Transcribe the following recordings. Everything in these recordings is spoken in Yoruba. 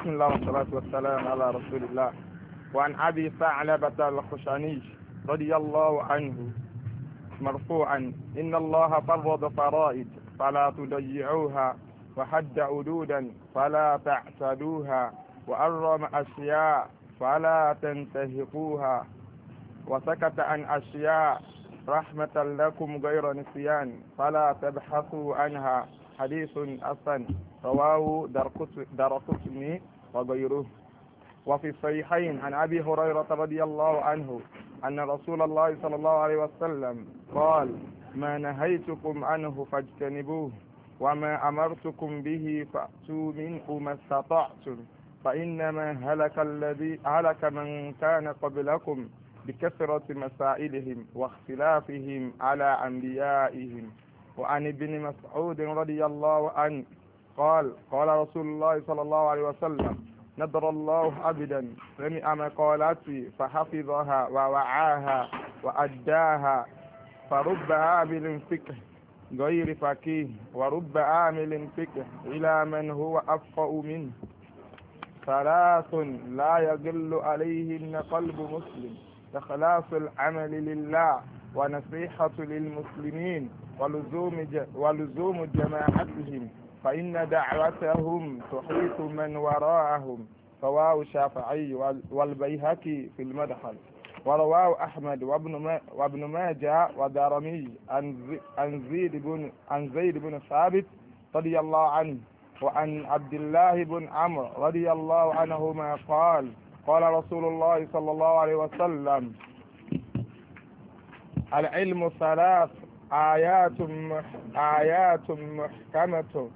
بسم الله والصلاة والسلام على رسول الله وعن أبي ثعلبة الخشني رضي الله عنه مرفوعا إن الله فرض فرائض فلا تضيعوها وحد عدودا فلا تعتدوها وأرم أشياء فلا تنتهقوها وسكت عن أشياء رحمة لكم غير نسيان فلا تبحثوا عنها حديث أصلا رواه درقطني وغيره وفي الصحيحين عن أبي هريرة رضي الله عنه أن رسول الله صلى الله عليه وسلم قال ما نهيتكم عنه فاجتنبوه وما أمرتكم به فأتوا منه ما استطعتم فإنما هلك الذي هلك من كان قبلكم بكثرة مسائلهم واختلافهم على أنبيائهم وعن ابن مسعود رضي الله عنه قال قال رسول الله صلى الله عليه وسلم نذر الله عبدا سمع مقالاتي فحفظها ووعاها وأداها فرب عامل فقه غير فقيه ورب عامل فقه إلى من هو أفقأ منه ثلاث لا يقل عليهن قلب مسلم إخلاص العمل لله ونصيحة للمسلمين ولزوم ولزوم جماعتهم فإن دعوتهم تحيط من وراءهم رواه الشافعي والبيهقي في المدخل ورواه أحمد وابن وابن ماجه ودارمي عن زيد بن عن زيد بن ثابت رضي الله عنه وعن عبد الله بن عمرو رضي الله عنهما قال قال رسول الله صلى الله عليه وسلم العلم ثلاث آيات آيات محكمة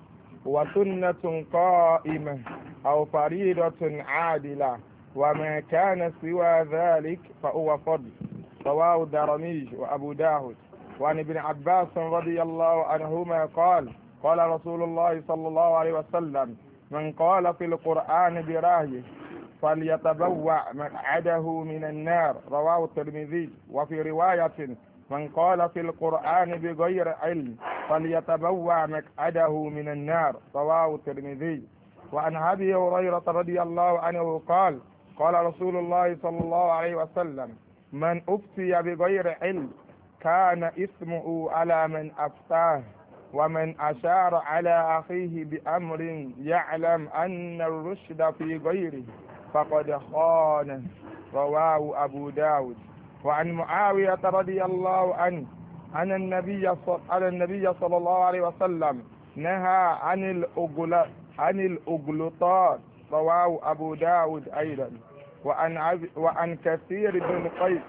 وسنة قائمة أو فريضة عادلة وما كان سوى ذلك فهو فضل رواه الدرمي وأبو داود وعن ابن عباس رضي الله عنهما قال قال رسول الله صلى الله عليه وسلم من قال في القرآن برأيه فليتبوع مقعده من النار رواه الترمذي وفي رواية من قال في القرآن بغير علم فليتبوع مقعده من النار رواه الترمذي وعن أبي هريرة رضي الله عنه قال قال رسول الله صلى الله عليه وسلم من أفتي بغير علم كان اسمه على من أفتاه ومن أشار على أخيه بأمر يعلم أن الرشد في غيره فقد خان رواه أبو داود وعن معاوية رضي الله عنه أن النبي أن النبي صلى الله عليه وسلم نهى عن الأغل عن الأغلطات رواه أبو داود أيضا وعن وعن كثير بن قيس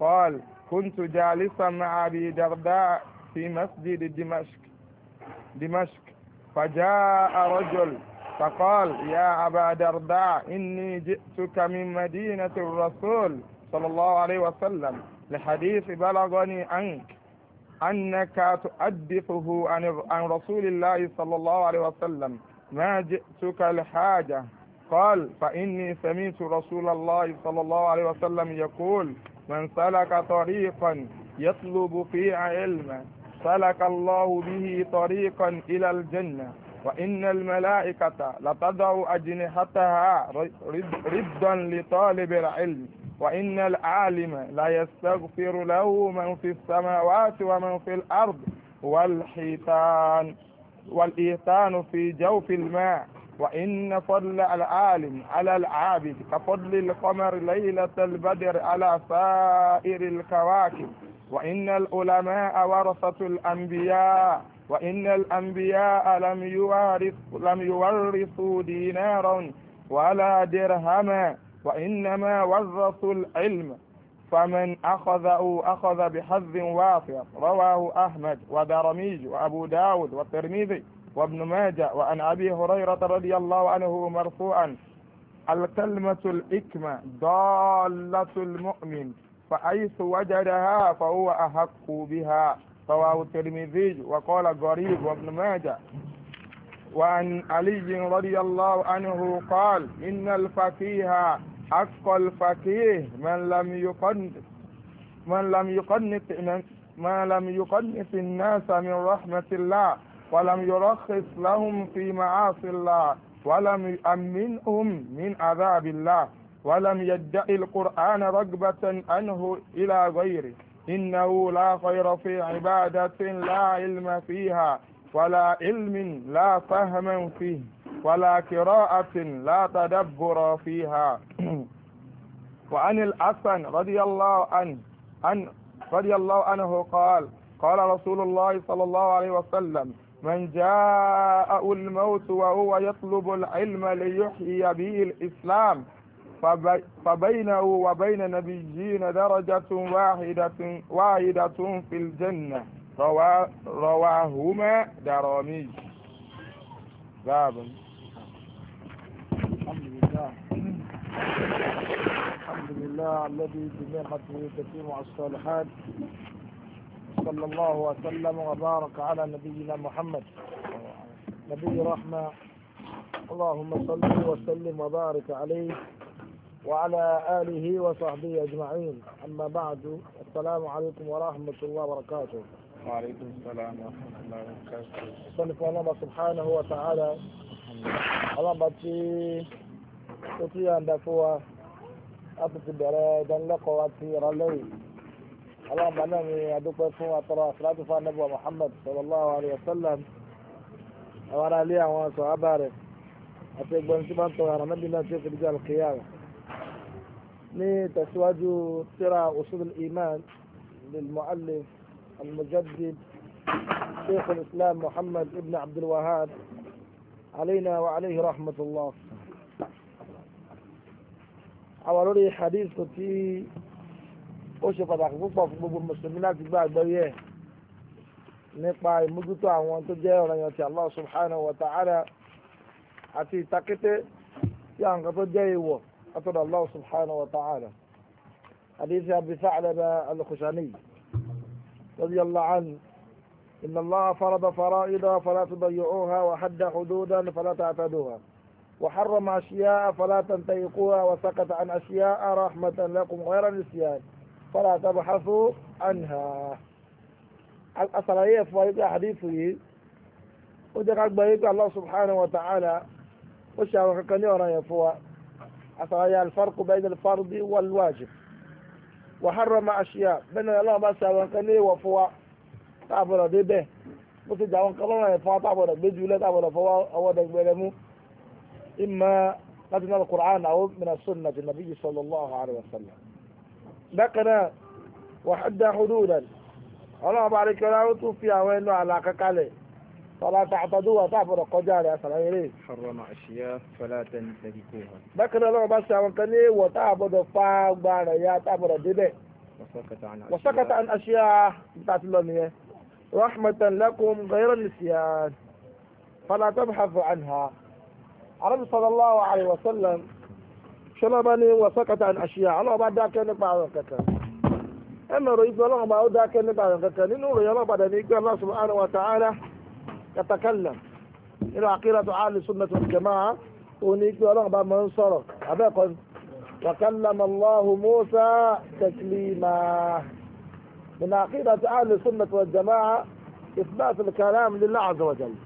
قال كنت جالسا مع أبي درداء في مسجد دمشق دمشق فجاء رجل فقال يا أبا درداء إني جئتك من مدينة الرسول صلى الله عليه وسلم لحديث بلغني عنك أنك تؤدفه عن رسول الله صلى الله عليه وسلم ما جئتك لحاجة قال فإني سمعت رسول الله صلى الله عليه وسلم يقول من سلك طريقا يطلب فيه علما سلك الله به طريقا إلى الجنة وإن الملائكة لتضع أجنحتها ردا لطالب العلم وإن العالم لا يستغفر له من في السماوات ومن في الأرض والحيتان والإيتان في جوف الماء وإن فضل العالم على العابد كفضل القمر ليلة البدر على سائر الكواكب وإن العلماء ورثة الأنبياء وإن الأنبياء لم يورثوا لم يورثوا دينارا ولا درهما وإنما ورثوا العلم فمن أخذه أخذ بحظ وافر رواه أحمد ودرميج وأبو داود والترمذي وابن ماجه وعن أبي هريرة رضي الله عنه مرفوعا الكلمة الحكمة ضالة المؤمن فحيث وجدها فهو أحق بها رواه الترمذي وقال غريب وابن ماجه وعن علي رضي الله عنه قال إن الفقيه حق الفقيه من لم يقنط من لم يقنط ما لم يقنط الناس من رحمة الله ولم يرخص لهم في معاصي الله ولم يؤمنهم من عذاب الله ولم يدعي القرآن رغبة عنه إلى غيره إنه لا خير في عبادة لا علم فيها ولا علم لا فهم فيه ولا قراءة لا تدبر فيها وعن الحسن رضي الله عنه عن رضي الله عنه قال قال رسول الله صلى الله عليه وسلم من جاء الموت وهو يطلب العلم ليحيي به الإسلام فبينه وبين نبيين درجة واحدة واحدة في الجنة رواهما درامي باب الحمد لله الحمد لله الذي بنعمته تتم الصالحات صلى الله وسلم وبارك على نبينا محمد نبي رحمه اللهم صل وسلم وبارك عليه وعلى آله وصحبه أجمعين أما بعد السلام عليكم ورحمة الله وبركاته وعليكم السلام ورحمة الله وبركاته صنف الله سبحانه وتعالى الله باتي تطيع أن دفوا أبت بريد أن لقوا الليل الله بنامي أدوك فوا أطرى صلاة فالنبوة محمد صلى الله عليه وسلم وعلى ليه وصحبه أتيك بنتي بنتو يا رمضي لا تيك رجال القيامة لتسواج ترى أصول الإيمان للمؤلف المجدد شيخ الإسلام محمد ابن عبد الوهاب علينا وعليه رحمة الله أولوري حديث في أشي pàtàkì púpọ̀ fún gbogbo mùsùlùmí láti gbá àgbọ́yé ẹ̀ nípa ìmójútó àwọn tó jẹ́ ọ̀ranyàn ti Allah subhanahu wa ta'ala àti ìtakété sí àwọn kan tó jẹ́ ìwọ̀ أترى الله سبحانه وتعالى حديث أبي ثعلبة الخشني رضي الله عنه إن الله فرض فرائض فلا تضيعوها وحد حدودا فلا تعتدوها وحرم أشياء فلا تنتهكوها وسكت عن أشياء رحمة لكم غير نسيان فلا تبحثوا عنها الأصلية في حديثه وجاء الله سبحانه وتعالى وشاء كان يرى يفوه àfàwáyà alfarku bẹ́ẹ̀ ní fardi wàlúwàjì wàhárọ̀mà àṣìyà bẹ́ẹ̀ ni ọlọ́run bá ṣe àwọn nǹkan ní ìwọ̀ fún wa táàbọ̀rọ̀ débẹ̀ bó ti dàwọn nǹkan lọ́rùn ẹ̀ fún wa táàbọ̀rọ̀ gbé jùlẹ̀ táàbọ̀rọ̀ fọwọ́ ọwọ́ dẹgbẹrẹ mú ìmọ̀ láti náà kùrán àwọn mìíràn sunna ti nàbíyí sallallahu alaihi wa sallam bákan náà wàhádà hududan ọlọ́run bá rí kí ọlọ́run tún fi àwọn ẹnu àlà kankalẹ̀ فلا تعتدوها تعبر قجار يا سلايري حرم أشياء فلا تنتهكوها بكنا لو بس يا مكني وتعبد فاق بار يا تعبر دبي وسكت عن أشياء وسكت عن أشياء بتاعت اللونية رحمة لكم غير النسيان فلا تبحثوا عنها عربي صلى الله عليه وسلم شلبني وسكت عن أشياء الله بعد ذاك نبع كتب أما رئيس الله ما هو ذاك نبع كتب إنه رئيس الله بعد ذلك الله سبحانه وتعالى yatakallam nínú àkíràtò ahlu sunnati wal jamaa òní pé ọlọ́run bá máa ń sọ̀rọ̀ abẹ́ẹ̀kọ́ wa kallama Allahu Musa taklima nínú àkíràtò ahlu sunnati wal jamaa ithbatu al-kalam lillahi azza wa jalla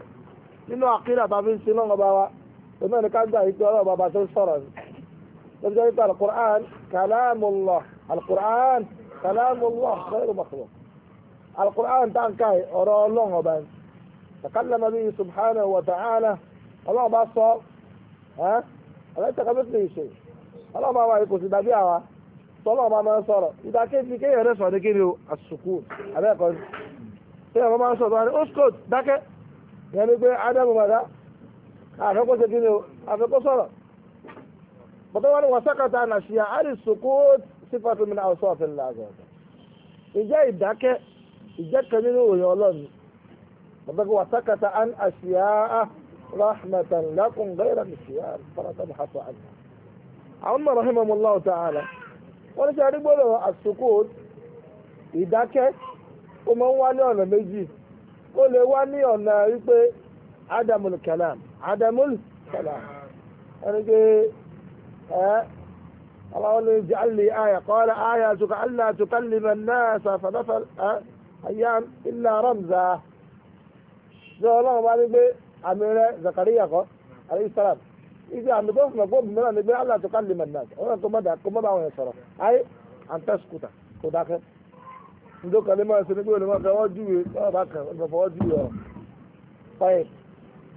nínú àkírà bá fi ń sin lọ́wọ́ bá wa òní ẹni ká gbà yìí pé ọlọ́run bá bá tó sọ̀rọ̀ ni lọ́jọ́ yìí pé al-Qur'an kalamullah al-Qur'an kalamullah khayru makhluq al-Qur'an táǹkà ọ̀rọ̀ ọlọ́run ọba ni. تكلم به سبحانه وتعالى الله ما صار ها أليس كمثله شيء الله ما ما يكون سيدابي أوا صلى ما ما صار إذا كيف كيف يرس هذا كيف السكون هذا يقول يا ما ما صار يعني أسكت ذاك يعني يقول عدم ماذا أفكر سكينه أفكر صار فطبعا وسقط عن أشياء السكوت صفة من أوصاف الله عز وجل إجا إذاك إجا كمينه يا الله بدك وسكت عن أشياء رحمة لكم غير الأشياء فلا تبحثوا عنها عمر رحمه الله تعالى ولشاربوا له السكوت إذا كان وما هو عليهم المجي قل هو عليهم عدم الكلام عدم الكلام أنا ها الله قال اجعل لي آية قال آية تكلم الناس فنفل أيام إلا رمزا ṣé ọlọ́run bá ní pé àmì rẹ Zakariya kọ́ alayhi salam ibi àmì tó fún ọgbọ́n mìíràn ni pé Allah tó ká lè mọ̀ náà ọ̀rọ̀ tó mọ̀dà kó mọ̀dà àwọn sọ̀rọ̀ ayé àǹtẹ̀sùkùtà kò dákẹ́ ndó kan ní máa ṣe ní pé olùmọ̀ fẹ́ wọ́n júwe wọ́n bá kàn wọ́n fọwọ́ júwe ọ̀ fẹ́ẹ̀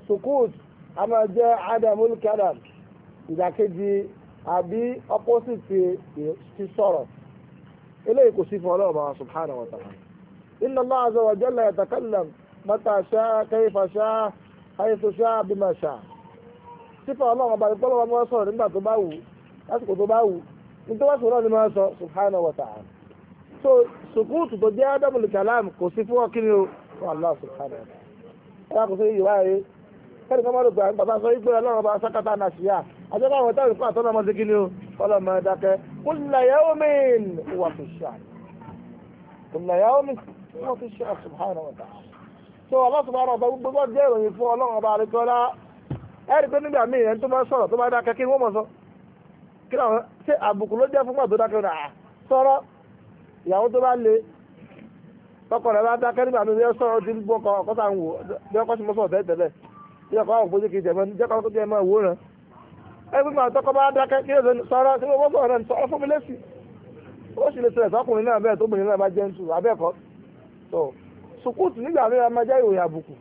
sukut a máa jẹ́ adam olùkádàm ìdàkejì àbí opposite ti sọ̀rọ̀ eléyìí kò sí fún ọlọ́run subhanahu wa ta'ala inna Allah azza wa mọ́tà ṣá kẹ́yìfà ṣá àyètò ṣá bímọ ṣá sífà ọlọ́run ọba ìpọ́lọ́ wọn máa sọ̀rọ̀ nígbà tó bá wù lásìkò tó bá wù ní tó bá sọ̀rọ̀ ni máa sọ subhanahu wa so sukutu tó jẹ́ ádámù kalam kò sí fún ọkìnrin o fún Allah subhanahu wa ta'ala ẹ̀ kò sí ìwà rẹ̀ kẹ́ni kan máa lò pé àwọn bàbá sọ ìgbé ọlọ́run ọba sákàtà nàṣíyà àjọba àwọn táwọn ìfún àtọ́nà so ọlọ́sọ̀bára ọba gbogbo jẹ́ ìròyìn fún ọlọ́run ọba àríkọ́lá ẹ̀rí pé nígbà míì ẹni tó bá sọ̀rọ̀ tó bá dákẹ́ kí wọ́n mọ̀ sọ kí làwọn ṣe àbùkù ló jẹ́ fúnmọ̀ tó dákẹ́ rà sọ̀rọ̀ ìyàwó tó bá le tọkọ rẹ̀ bá dákẹ́ nígbà míì ẹ sọ̀rọ̀ ti gbọ́ ọkọ ọkọ sáà ń wò bí ọkọ sì mọ́ sọ̀rọ̀ tẹ́lẹ̀ bí ọkọ àwọn òpójú kì í tẹ̀mọ́ jẹ́ kọ́ tiẹ̀ máa wò rán ẹ gbígbà tọkọ bá dákẹ́ kí lóso sùkúùtù nígbà mìíràn máa jẹ́ ìròyìn àbùkù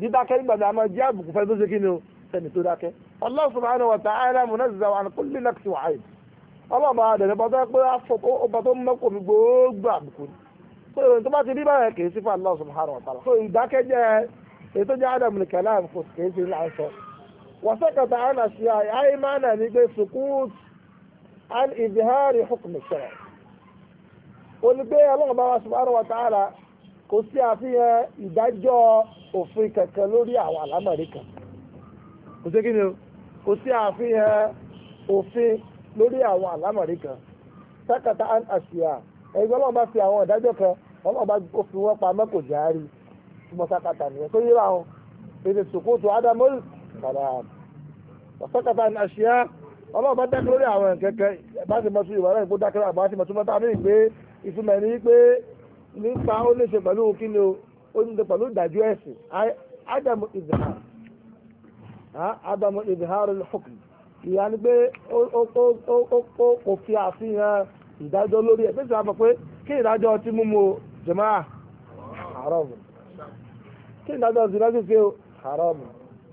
dídákẹ́ nígbà mìíràn máa jẹ́ àbùkù fẹ́ni tó ṣe kí ni o fẹ́ni tó dákẹ́ Allah subhanahu wa ta'ala munazza wa an kulli naqsi wa aib ọlọ́ọ̀bà àdẹ̀rẹ̀ bá pé ọba tó mẹ́kọ̀ọ́ mi gbogbo àbùkù ni so ìròyìn tó bá ti rí báyẹn kì í sí fún Allah subhanahu wa olùgbé ala bá wa kò sí àfihàn ìdájọ́ òfin kankan lórí àwọn àlámọ̀rí kò sí kíni o kò sí àfihàn òfin lórí àwọn sákàtà an àṣìyà ẹgbẹ́ fi àwọn ìdájọ́ kan ọlọ́run fi wọ́n pamọ́ kò járí túmọ̀ sákàtà nìyẹn tó yíra wọn èdè sòkòtò ádámọ́lì sákàtà an àṣìyà ọlọ́run dákẹ́ lórí àwọn kẹ̀kẹ́ bá ti ìwà rẹ̀ kó dákẹ́ ìtumọ̀ ní pé nípa ó lè ṣe pẹ̀lú kí ni o ó ní ṣe pẹ̀lú ìdájọ́ ẹ̀sìn ádámù ìzìhàr ádámù ìzìhàr al ìyá ni pé ó fi àfihàn ìdájọ́ lórí ẹ̀ pé sọ pé kí ìdájọ́ ọtí mímu jàmáà haramu kí ìdájọ́ ọtí lájú fi haramu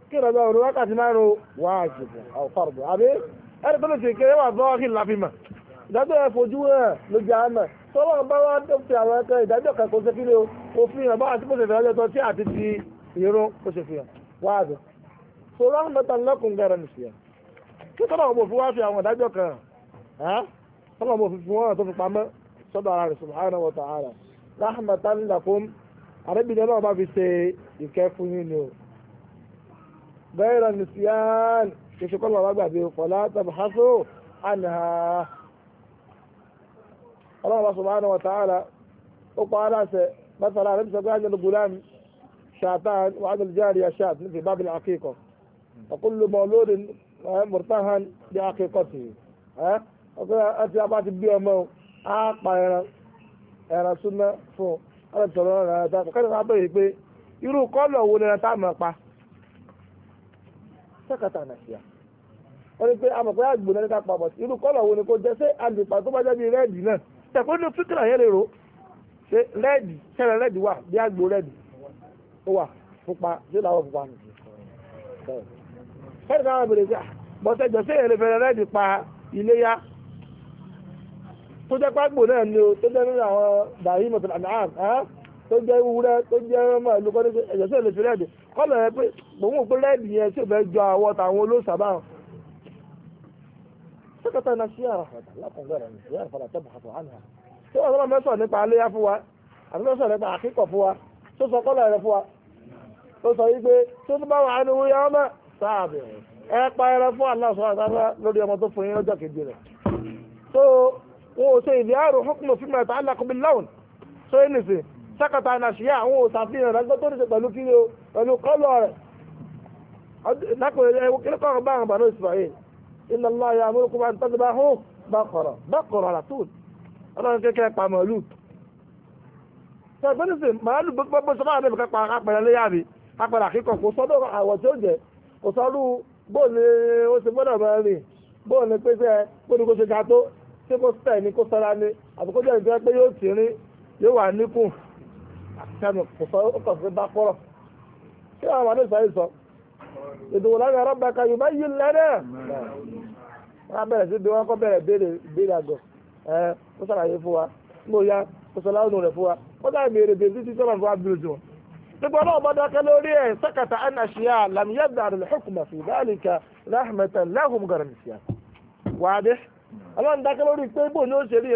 kí ìdájọ́ ọtí wákàtí márùn-ún wájibu aw fardu àbí ẹni tó lè ṣe kéré wà ìdájọ́ ẹ̀ fojú lójú àmà tọ́lọ́ bá wá fi àwọn ìdájọ́ kan kó ṣe kí ni o kò fi hàn tí kò ṣe fi tó tí àti ti kò ṣe fi hàn wá àbẹ̀. so ráhùn mẹ́ta lọ́kùn gẹ̀rẹ́ nì sí ẹ̀ kí tọ́lọ́ bò wá fi àwọn ìdájọ́ kan hàn tọ́lọ́ bò tó fi sọ́dọ̀ ara rẹ̀ bá fi ṣe ìkẹ́ fún yín ni o gẹ̀rẹ́ nì sí ẹ̀ kí ṣe kọ́lọ́ Allah subhanahu wa ta'ala ó pa aláṣẹ mẹ́tàlá rẹ̀ sọ́gbà ajẹ́lu gulami shatan wa ajẹ́lu jariya shat ní fi bábìlì àkíkọ̀ ọkùnlù mọ̀lódin murtahan bí àkíkọ̀ tì ọkùnlù àti abáti bí ọmọ á pa ẹran ẹran súnmọ́ fún alẹ́tọ̀rọ̀ ẹran ẹ̀ta kọ́kẹ́ náà bẹ̀rẹ̀ pé irú kọ́lọ̀ wo lẹ́ran tá a mọ̀ pa sẹ́kàtà nàṣíà wọ́n ní pé amọ̀pẹ́ àgbò náà ní ká pa bọ̀ irú kọ́lọ̀ wo ni kò jẹ́ sẹ́ àgbèpà tó bá jẹ́ bí rẹ́ẹ̀dì náà tẹ̀kọ́ nínú fíkìrà yẹn lè rò ṣe rẹ́ẹ̀dì ṣẹlẹ̀ rẹ́ẹ̀dì wà bí àgbo rẹ́ẹ̀dì ó wà pupa ṣé làwọn pupa nù. ṣẹ́ẹ̀dì náà bèrè pé ah, bọ́tẹ́ jọ̀ṣẹ́ yẹn lè fẹ́rẹ̀ rẹ́ẹ̀dì pa iléyá tó jẹ́ pàgbò náà ni o tó jẹ́ nínú àwọn dàrí mọ̀tàlá náà ah, ah, tó jẹ́ wúrẹ́ tó jẹ́ ọmọ ìlú kọ́ سقط نسيان رحمة الله تنظر النسيان فلا تبحث عنها سوى الله ما سوى نبع عليها فوا àbí lọ́sọ̀ nípa àkíkọ̀ fún wa tó sọ kọ́lọ̀ rẹ̀ fún wa tó sọ wípé tó tó bá wà ní wúyá ọmọ sáàbì ẹ pa ẹrẹ fún aláṣọ àtàrà lórí ọmọ tó fún yín lọ́jọ́ kejì rẹ̀ tó wọn ò ṣe ìdí àrùn hókùnmọ̀ fíìmù ẹ̀ta alákùnbí láwùn tó yé nìsí sákàtà nàṣíyà àwọn ò ṣàfihàn rẹ̀ tó pẹ̀lú kí pẹ̀lú kọ́lọ̀ rẹ̀ lákùnrin ẹ̀wọ̀n kí inna Allah ya'murukum an tadhbahu baqara baqara rasul ọlọ́run kékeré pa màálù. sọ̀gbọ́n sì màálù gbogbo sọ́mọ́ àbẹ̀bẹ̀ kápá apẹ̀rẹ̀ léyà mi apẹ̀rẹ̀ àkíkọ̀ kò sọ́dọ̀ àwọ̀ tí ó jẹ́ kò sọ́rú bóòlù ó ti gbọ́dọ̀ máa rìn bóòlù pé sẹ́ bóòlù kó ṣe ga tó tí kò tẹ̀ ní kó sọ́ra ni àbúkó jẹ́ ìfẹ́ pé yóò tì rín yóò wà níkùn àkànnù kò sọ ó kàn sí bá kọ́rọ̀ kí àwọn àmàlẹ́ sọ wọ́n bẹ̀rẹ̀ sí bí wọ́n kọ́ bẹ̀rẹ̀ béèrè béèrè àgọ̀ ẹ̀ ó ya ó sọ láwùjọ rẹ̀ fún wa ó dá ìbéèrè béèrè títí sọ́mà fún wa bí ojú wọn. nígbà náà bá dákẹ́ lórí ẹ̀ sẹ́kàtà ànàṣíà làmìyàdà rẹ̀ hukuma fi dhalika rahmatan lahum garanisiya. wàdí ọlọ́run dákẹ́ lórí pé bò ní ó ṣe rí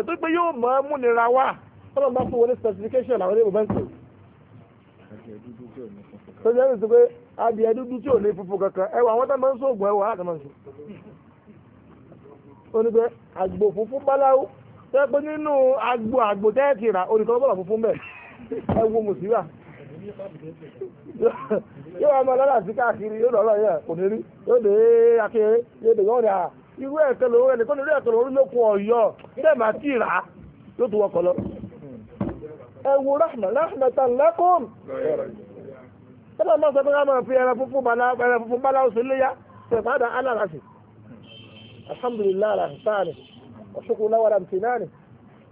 onígbẹ́ àgbò funfun báláwú tẹ́ pé nínú àgbò àgbò tẹ́ẹ̀kì rà funfun bẹ̀ ẹ wo mùsíbà yóò wá máa lọ́la sí káàkiri yóò lọ́la yẹ kò iwe yóò dé akéré yóò dé yọ̀ọ̀dà irú ẹ̀kẹ́ lòun ẹni kọ́ni irú ẹ̀kẹ́ lòun lókun ọ̀yọ́ tẹ́ẹ̀ bá rà yóò tún lọ. rahma rahma tan lakum máa الحمد لله على إحسانه والشكر له على امتنانه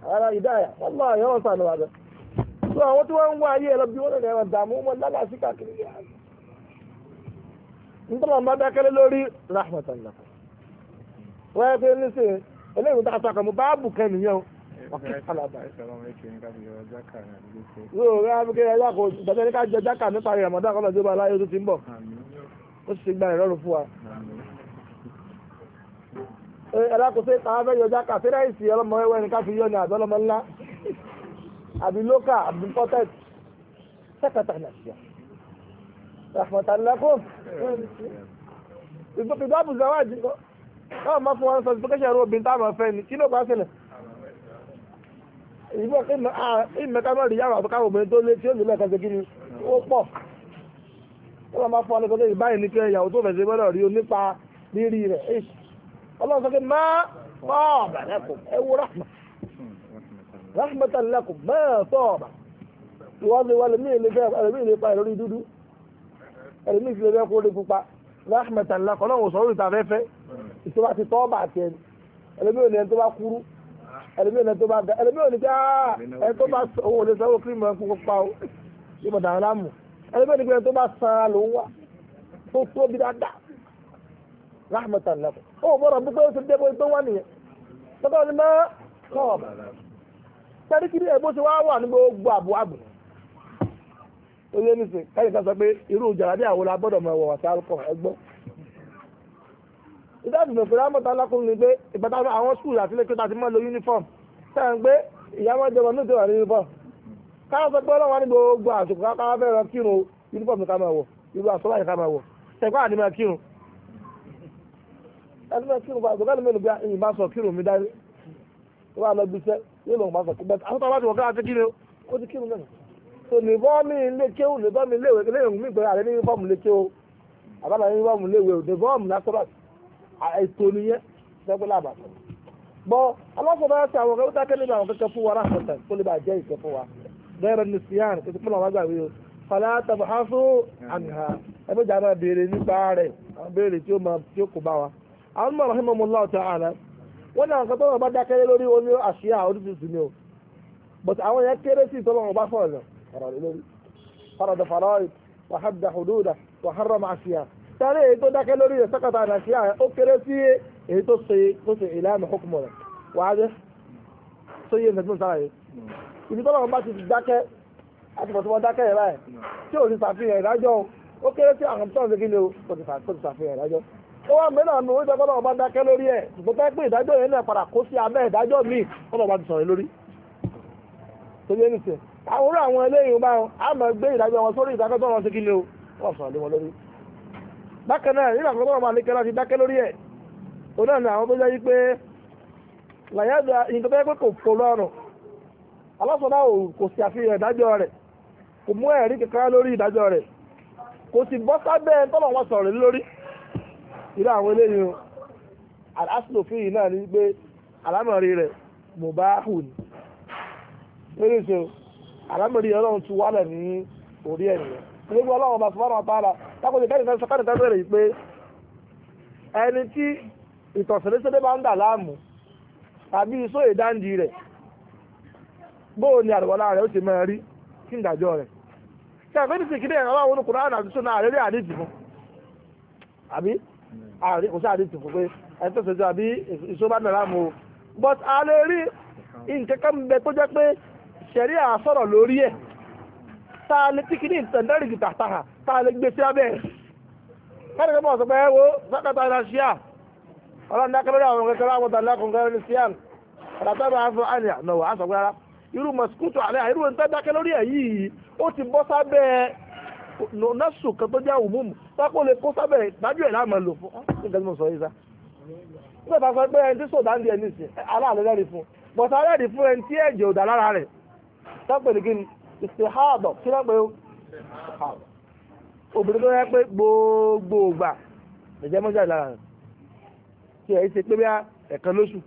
على هداية والله يا وطن هذا wọ́n tí wọ́n ń wá ayé ẹlọ́bí wọ́n lọ́nà ẹ̀wọ̀n dààmú wọn lága sí káàkiri nítorí ọmọ dákẹ́lé lórí rahmatulah wọ́n yẹ pé nísìn eléyìí tó àtàkọ́ mo bá bù kẹ́ nìyẹn ọ̀kẹ́ alábà. yóò rí abúké ẹja kò dàbí ẹni ká jẹ jákà nípa rẹ̀ àmọ́dá kọ́lọ́dé bá aláyé tó ti ń bọ̀ ó sì gba ìrọ̀rùn fún wa ẹlákòóso ìtàn fẹ́ yọjá kà sí ráìsì ọlọ́mọ ẹwẹ́ ní káfí yọ ní àbí ọlọ́mọ ńlá àbí lókà àbí pọ́tẹ́t sẹ́kẹ̀tà nàìjíríà rahmatulakum ìdábù zawaji náà máa fún wọn sọ ìfọkẹ́sẹ̀ ẹ̀rọ obìnrin táwọn fẹ́ ni kí ló bá sílẹ̀ ìbọn ìmẹ̀ká rí yàrá àtọ́ká obìnrin tó ọlọ́run sọ pé má tọ́ọ̀bà lẹ́kùn ẹ wo rahma rahmatan lẹ́kùn bẹ́ẹ̀ tọ́ọ̀bà ìwọ́n lè wà lẹ́mí ìlé pa ìlórí dúdú ẹ̀lẹ́mí ìfilẹ̀ bẹ́ẹ̀ kó lè pupa rahmatan lẹ́kùn ọlọ́run sọ orí ìtafẹ́fẹ́ ìṣọba ti tọ́ọ̀bà àti ẹni ẹ̀lẹ́mí ìlẹ̀ tó bá kúrú ẹ̀lẹ́mí ìlẹ̀ tó bá ga ẹ̀lẹ́mí ìlẹ̀ tó bá ẹ̀ tó bá owó lè sanwó kírìmù ẹ̀kú pa ó ìbọ̀dàn aláàmù ẹ̀lẹ́mí ìlẹ̀ tó bá sanra ló tó tóbi dáadáa rahmatan lakum ó oh, bọ̀rọ̀ gbogbo ó ti débò tó wà nìyẹn tọ́tọ́ ni má kọ́ọ̀b tẹ́ríkìrì ẹ̀ bó ṣe wá wà ní gbogbo àbò àbò ó yé ní sè káyọ̀ ká sọ pé irú jàrádì àwọn la gbọ́dọ̀ mọ ẹ̀wọ̀ wà sáré kọ̀ ẹgbọ́ ìdájọ́ ìfẹ́ rahmatan lakum ni pé ìbátá àwọn skul àti ilé kíkọ́ àti mọ́ lo uniform tẹ́ ń gbé ìyáwó jọba ní ìjọba ní uniform káyọ̀ sọ pé ọlọ́wọ́ ní gbogbo àsìkò káwá fẹ́ rọ kírun uniform ká máa wọ̀ irú àsọ́láyìn ká máa wọ̀ tẹ̀kọ́ àdìmọ̀ kírun ẹni náà kírun báyìí bọ̀gá ni mélòó bí i bá sọ kírun mi dárí tó bá lọ bí iṣẹ́ yóò lọ́n bá sọ kí bẹ́ẹ̀ àwọn tó bá ti wọ̀ kára ti kí ni ó ti kírun náà so nìbọ́ mi lé kéwù nìbọ́ mi léwè léwè mi gbé àrẹ ní yunifọ́ọ̀mù lé kéwù àbálà yunifọ́ọ̀mù léwè nìbọ́ọ̀mù lásọ̀rọ̀ ètò nìyẹn sẹ́gbẹ́ láàbà bọ́ alásọ̀rọ̀ àti àwọn kẹ́kẹ́ dákẹ́lẹ́ àwọn kẹ́kẹ́ fún wa ráhùtà kó lè bá jẹ́ ìkẹ́ fún wa bẹ́ẹ̀rẹ̀ ní siyan kí sípò làwọn àgbàwé o fàlẹ́ àtàbọ̀ hásù àmì ha ẹgbẹ́jà náà béèrè nípa rẹ̀ àwọn béèrè tí ó kò bá wa àwọn mọ̀ràn hàn mọ́mọ́ láwùjọ àná wọ́n náà nǹkan tọ́lọ̀ bá dákẹ́lé lórí oní àṣìyà oríṣiríṣi ni o but àwọn yẹn kéré sí ìtọ́lọ̀ wọn bá fọ̀rọ̀ ọ̀rọ̀ lórí ọ̀rọ̀ dọ̀fàrọ̀ wàhádà hùdúdà wàhárọ̀ máa ṣìyà sáré èyí tó dákẹ́ lórí rẹ̀ sọ́kàtà àṣìyà ó kéré sí èyí tó ṣe tó ṣe ìlànà hukumu rẹ̀ wàhádà tó yé nǹkan tó ń sára yìí ibi tọ́lọ̀ wọn bá ti dákẹ́ àti bọ̀tí wọn dákẹ́ yẹn báyìí tí ò ó wá orí ọba dákẹ́ lórí ẹ̀ ṣùgbọ́n pé ìdájọ́ yẹn náà padà kó sí abẹ́ ìdájọ́ mi ọlọ́ ọba ti sọ̀rọ̀ lórí tó yé nìsẹ̀ àwọn eléyìí bá a máa gbé ìdájọ́ wọn sórí ìdájọ́ tó wọn o wọ́n sọ̀rọ̀ lé wọn lórí náà nígbà dákẹ́ lórí ẹ̀ náà àwọn tó pé pé kò irú àwọn eléyìí aláṣìlò fún yìí náà ní pé alámọ̀rí rẹ̀ mùbáhù ni lórí ìṣe alámọ̀rí ọlọ́run ti wálẹ̀ ní orí ẹ̀nìyàn nígbà ọlọ́run ọba sọ́mọ́nà ọba ara tákòjì kẹ́ni fẹ́ sọ́kẹ́ni fẹ́ bẹ̀rẹ̀ yìí pé ẹni tí ìtọ̀sẹ̀lẹ́sẹ̀lẹ́ bá ń dà láàmú tàbí iṣó ìdáǹdì rẹ̀ bóò ni àdìwọ̀lá rẹ̀ ó ti máa rí kí ìdájọ́ rẹ̀ tí àgbẹ̀ ní kí ní ẹ̀rọ àwọn olùkùnrin àdìsúná àrẹ́rẹ́ àdìjì fún àbí àrí kò sáà rí tìfù pé ẹni tó ṣojú àbí ìṣó bá nàrà mọ́ but a lè rí nǹkan kan bẹ tó jẹ́ pé ṣẹ̀rí à sọ̀rọ̀ lórí ẹ̀ tá a lè tí kìíní ìtẹ̀ndẹ́rì gìtà tàhà tá a lè gbé sí abẹ́ ẹ̀ káàdì kan bọ̀ sọ pé ẹ wo sákàtà iná ṣíà ọlọ́run dákẹ́ lórí àwọn kékeré àwọn tàlẹ́ ọkùnrin ní ṣíà ọ̀dàtà bá fún àníyàn náà wà á sọ pé rárá irú mọ̀síkútù àlẹ́ irú nǹkan dákẹ́ lórí ẹ̀ yìí ó ti bọ́ sábẹ́ nọ́ọ̀sù kan tó jẹ́ òmùmù sápò lè kó sábẹ̀ ìgbájú ẹ̀ láàmà lò fún ọ́nà ah, ìgbà sọ yíza nígbà tá a sọ pé ẹni tí sòdá ń di ẹni sí aláàlẹ́ lẹ́rìí fún bọ̀tà lẹ́rìí fún ẹni tí ẹ̀jẹ̀ òdà lára rẹ̀ sápò ní kíni ìsèháàdọ̀ kí wọ́n pe obìnrin tó yẹ pé gbogbo ògbà ẹ̀jẹ̀ mọ́jà lára rẹ̀ tí ẹ̀ ṣe pé bí ẹ̀kan lóṣù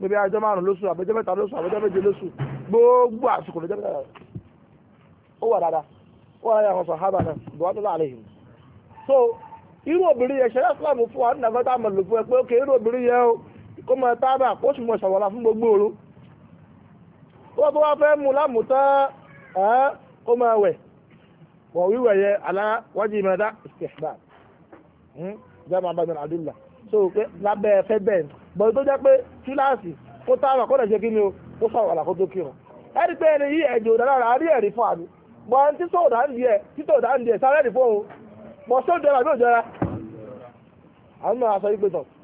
pé bí ajọ́ márùn lóṣù àbẹ́jọ́ mẹ́ta lóṣù àbẹ́jọ́ méje lóṣù gbogbo àsìkò lójọ́ ó wà dáadáa ó wà dáadáa àwọn sọ̀hábà náà bùhátọ́lá àlẹ́ yìí so irú obìnrin yẹn ṣẹlẹ̀ islam fún wa nígbà tá a fún ẹ pé ókè irú obìnrin yẹn o kó mọ tábà kó sì mọ ṣàwọlà fún gbogbo òru wọ́n tó wá fẹ́ mú lámùtán ẹ̀ kó máa wẹ̀ wọ́n wíwẹ̀ yẹ alá wájú ìmọ̀dá ìṣẹ̀dá jẹ́mọ̀ abẹ́mẹ́rin so pé lábẹ́ ẹ̀fẹ́ bẹ́ẹ̀ bọ̀dé tó jẹ́ pé kíláàsì kó tábà kó dẹ̀ kí ni o kó ṣàwọlà kó tó mọ̀ sí òjọra àbí òjọra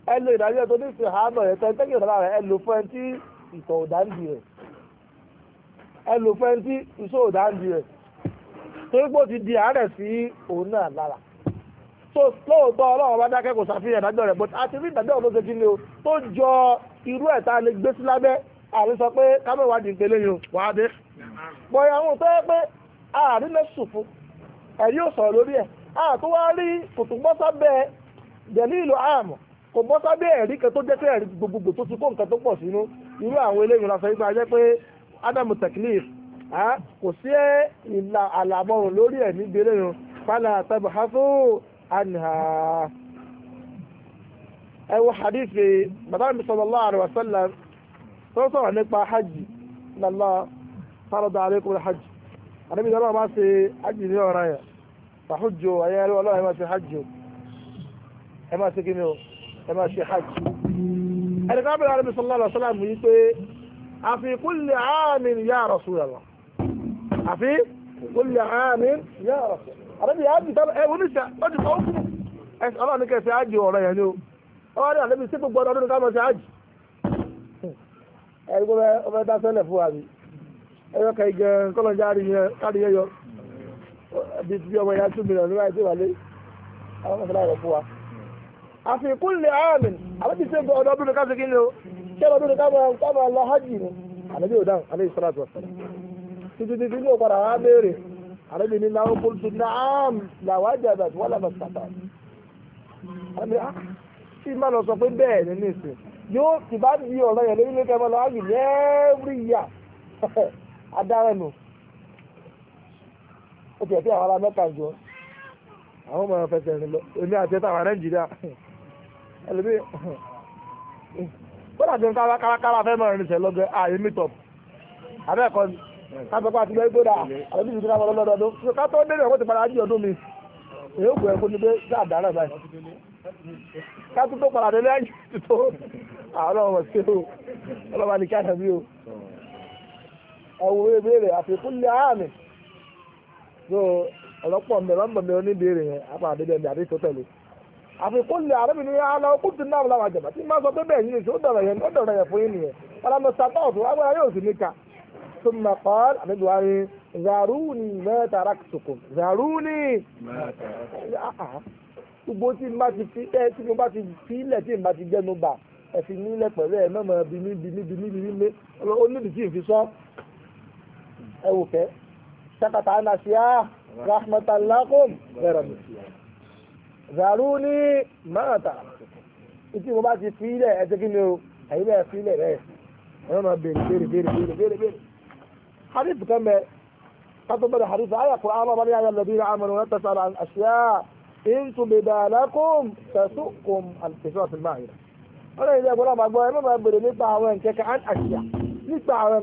a náà ìdájọ́ tó ní ìfihàn àmọ̀ rẹ̀ tẹ́ tẹ́kì rẹ̀ ẹ fún ẹni ìtọ̀ òdà rẹ̀ fún ìṣó rẹ̀ ti di àárẹ̀ sí òun náà lára so lóòótọ́ ọlọ́run bá dákẹ́ kò ṣàfihàn ìdájọ́ rẹ̀ but o a lè àtò ah, wá rí kòtò bọ́ sábẹ́ kò bọ́ sábẹ́ ẹ̀rí kan tó jẹ́ pé ẹ̀rí gbogbogbò tó ti kó nǹkan tó pọ̀ sínú irú àwọn eléyìí la sọ yìí pé ádámù kò sí ìlà àlàmọ́rùn lórí ẹ̀ níbi eléyìí fala tabhasu anha ẹ wo hadithi bàbá mi sallallahu alaihi wasallam nípa hajj hajj fàhújò ayẹ́rú ọlọ́run ẹ máa ṣe hajj ẹ máa ṣe kí ni o ẹ máa ṣe hajj ẹni ká bẹ̀rẹ̀ alẹ́bí sallallahu alaihi wasallam yìí pé àfi kulli aamin ya Rasulullah àfi kulli aamin ya Rasulullah àdébí yàrá bìtá ẹ wọ́n ní sẹ́ ọ́ ti sọ́ fún ẹ ọlọ́run ní kẹsì hajj ọ̀rọ̀ yẹn ni o ọlọ́run ní àdébí sí gbogbo ọdún ká máa ṣe hajj ẹ gbọ́dọ̀ ọmọ ẹ dá sẹ́lẹ̀ fún wa mi ẹ yọ bí ti ọmọ ìyá two million ní wáyé tí wà lé àwọn ọmọ ìfẹ́láyọ̀ fún wa. àfikún lè ààmìn àwọn ti ṣe gbọ́ ọdọ ọdún ká ṣe kí ni o ṣé ọdún ká máa lọ hajj ni àlejò ìdáhùn alẹ́ ìṣọ́lá tó ọ̀sẹ̀. títí títí ní òpadà wá béèrè àlejò ní láwọn kó tún náàm làwọn àjẹ àbẹ̀ àti wọ́n làbẹ̀ sàtà. àmì á kí n má lọ sọ pé bẹ́ẹ̀ ni ní ìsìn yóò ti bá di ọ̀rọ̀ yẹn lórí ó ti ẹ̀ tí àwọn ará mẹ́ta jọ àwọn ọmọ fẹsẹ̀ rìn lọ èmi àti ẹ̀ta àwọn nàìjíríà ẹlòmí kódà tó ń kára kára kára fẹ́ mọ̀ rìnṣẹ́ lọ́gẹ́ ààyè mítọ̀ abẹ́ẹ̀kọ́ ni kápẹ́kọ́ àti lẹ́yìn tó dà àbí ìdíjú ká lọ́dọ̀ ọdún tó ká tó dé ìrọ̀kọ́ ti padà jí ọdún mi èyí ò kò ẹ̀kọ́ ni pé sáà dára báyìí ká tó tó padà délé ẹ̀yìn tó àwọn ọmọ sí o ọlọ́ba ní ká ẹ̀mí o ẹ̀wọ̀ ebèrè àfikún lé so ọ̀rọ̀pọ̀ mi ọ̀rọ̀ mi oníbèrè yẹn apàdé bẹ́ẹ̀ mi àti sọ́tẹ̀lì àfikún lè arábìnrin ala okú ti náà láwọn àjàmbá tí máa sọ pé bẹ́ẹ̀ yìí ni ó dọ̀rọ̀ yẹn ó dọ̀rọ̀ yẹn fún yín nìyẹn ọlọ́mọ sàtọ́ọ̀tù agbára yóò sì níka tó mọ̀ kọ́ọ́l àmì zaruni mẹ́ta rakitukum zaruni ah, ah. gbogbo tí n bá ti fi ẹ tí mo bá ti fi ilẹ̀ tí n bá ti jẹnu bà ẹ fi mí pẹ̀lú ẹ mẹ́mọ́ bíní bíní bíní bíní lé onídìí tí fi sọ ẹ wò fẹ́ سقط عن أشياء رحمة لكم غير النسيان ذروني ما تعرفون ìtí mo bá ti fi ilẹ̀ ẹ̀jẹ̀ kí ni o ẹ̀yin bẹ́ẹ̀ fi ilẹ̀ rẹ̀ ẹ̀rọ máa béèrè béèrè béèrè béèrè béèrè béèrè. hadith kan bẹ kátó bẹ̀rẹ̀ hadith ayé kura àwọn ọmọdé ayé lọ́dún yìí àmọ́ wọn tẹ̀sán àwọn àṣìyá ìntù bìbàlákùm tẹ̀sùkùm àtẹ̀sùn àti máa yìí. wọ́n lè ní ẹgbẹ́ náà máa gbọ́ ẹ má máa béèrè nípa àwọn nkẹ́kẹ́ àṣìyá nípa àwọn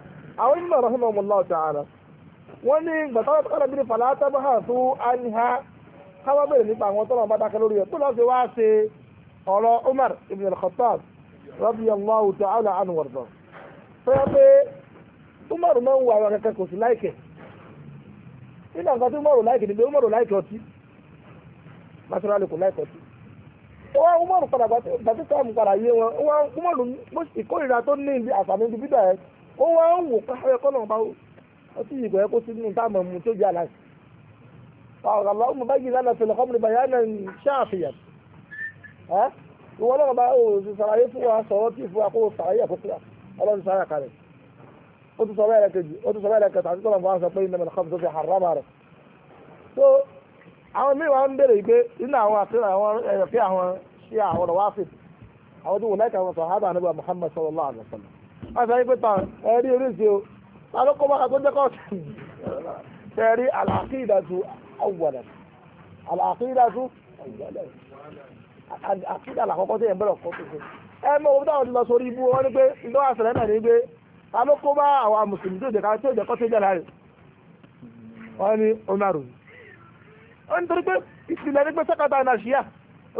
àwọn ìmọ̀ rahimahumullahu ta'ala wọ́n ní gbàtàwọn kọ́lá bí fàlà tábàhà tó àníhà káwọn bèrè nípa àwọn tọ́lọ̀ bá dákẹ́ lori ẹ̀ tó lọ́ọ́ ṣe a ṣe ọ̀rọ̀ Umar ibn al-Khattab radiyallahu ta'ala anhu warda fẹ́ ya Umar máa ń wà àwọn akẹ́kẹ́ si sí láìkẹ́ nínú àwọn Umaru Umar Umar Umar Umar ó wá ń wò káwé kọ́ náà bá wò ọtí ìgbà ẹ kó sí nínú táàmù ọmọ tó jẹ àlàyé àwọn àgbà ọmọ bá yìí lánàá fẹlẹ kọ́mùnì bàyá náà ń ṣàfihàn ẹ ìwọ náà bá ò sì sàlàyé fún wa sọ̀rọ̀ tí fún wa kó sàlàyé àkókò wa ọ̀sẹ̀ yìí pé tàn ẹ̀rí oríṣi o alókó bá kàtó jẹ́kọ̀ tẹ̀rí àlàkídàtú awwalan àlàkídàtú awwalan àkídà làkọ́kọ́ tó yẹn bẹ̀rẹ̀ kọ́ tó ẹ mọ òun táwọn ti lọ sórí ibú wọn ni pé ìjọba àṣẹlẹ náà ni pé alókó bá àwọn mùsùlùmí tó jẹ́ka tó jẹ́kọ́ tó jẹ́ra rẹ̀ wọ́n ní onaru ó ń torí pé ìsìlẹ̀ ní pé sẹ́kọ̀tà ìnàṣíà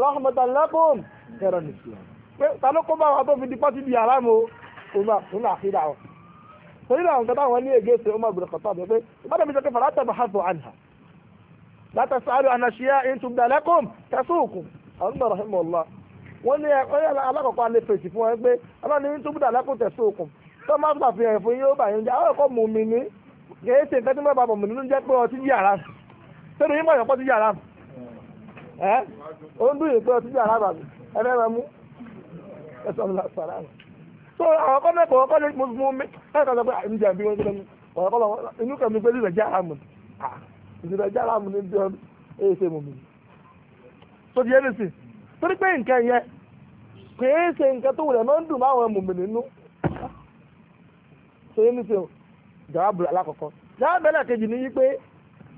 rahmatan lakum ẹ̀rọ nìṣíà pé ta ló kó tó fi di pọ́tì di àlámù Umar nínú àkídà wọn torí àwọn kan táwọn ní ègé ṣe Umar bin Khattab pé ìbára mi jẹ́ pé fàlá tàbí hàfù àná wọ́n ní alákọ̀ọ́kọ́ fún wọn pé tó máa gbà fi hàn fún yóò bá jẹ́ àwọn ẹ̀kọ́ mú so àwọn kọ́ náà kọ̀ọ̀kọ́ ló mú mú mi láti kọ́ sọ pé àìmí jàǹbí wọn sílẹ̀ kọ̀ọ̀kọ́ lọ inú kan mi pé ìrẹ̀ já àmù ìrẹ̀ já àmù ní bí ọdún èyí ṣe mú mi. so di ẹnìsì torí pé nǹkan yẹn kì í ṣe nǹkan tó wùdà máa ń dùn máa wọn mú mi nínú. so yẹn ní sè jàwá bùrọ̀ alákọ̀ọ́kọ́ jàwá bẹ́ẹ̀ kejì ní pé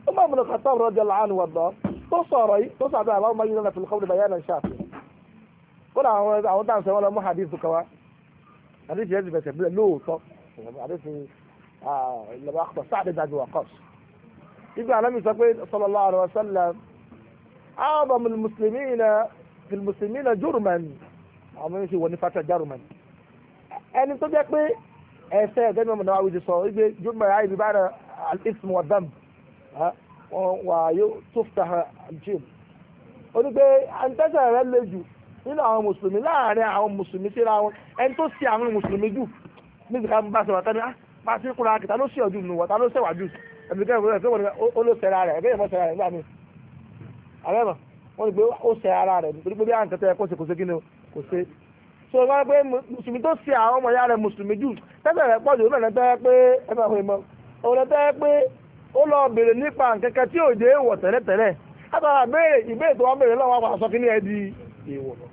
ó máa mú lọ́kàtà ọ̀rọ̀ jẹ́ láàánú wà lọ tó sọ̀rọ̀ yìí tó sàbẹ̀ àwọn ọmọ yìí lọ́nà fìlìkọ́bù عارف يا زلمه تعمل له طب عارف اللي بقى اخطر صعب بعد وقاص يبقى علامه سقيد صلى الله عليه وسلم اعظم المسلمين في المسلمين جرما عمري شو وني فاتح جرما ان انت بقى ايه دايما ما عاوز يصايب جرما عايز يبقى الاسم والذنب ها ويفتح الجيل قولوا بقى انتزع الليجو هنا هو مسلمين لا انا هو مسلمين سيلا هو ẹni tó ṣe àwọn mùsùlùmí jù níbi ká bá sọ̀rọ̀ tẹ́lẹ̀ ah, bá sí kúra kìtà ló ṣe ọ̀jù nù wọ́n ta ló ṣẹ̀wà jù ẹ̀mí kẹ́rin wọ́n wọ́n ó ló ṣẹ̀ra rẹ̀ ẹ̀bẹ́yẹ̀ mọ́ ṣẹ̀ra rẹ̀ nígbà míì àbẹ́mọ̀ wọ́n ní pé ó ṣẹ̀ ara rẹ̀ nítorí pé bí àwọn kẹtẹ́ kó ṣe kó ṣe kí ni kò ṣe so wọ́n pé mùsùlùmí tó ṣe àwọn ọmọ ya rẹ̀ mùsùlùmí jù tẹ́tẹ̀ rẹ̀ pọ̀jù ó lẹ́tẹ́ pé ẹ̀fẹ̀ àwọn ìmọ̀ òun lẹ́tẹ́ pé ó lọ béèrè nípa nkẹ́kẹ́ tí ò jẹ́ ìwọ̀ tẹ́lẹ̀tẹ́lẹ̀ látara béèrè ìbéèrè tó wọ́n béèrè lọ́wọ́ àwọn àṣọ kí ni ẹ di ìwọ̀ náà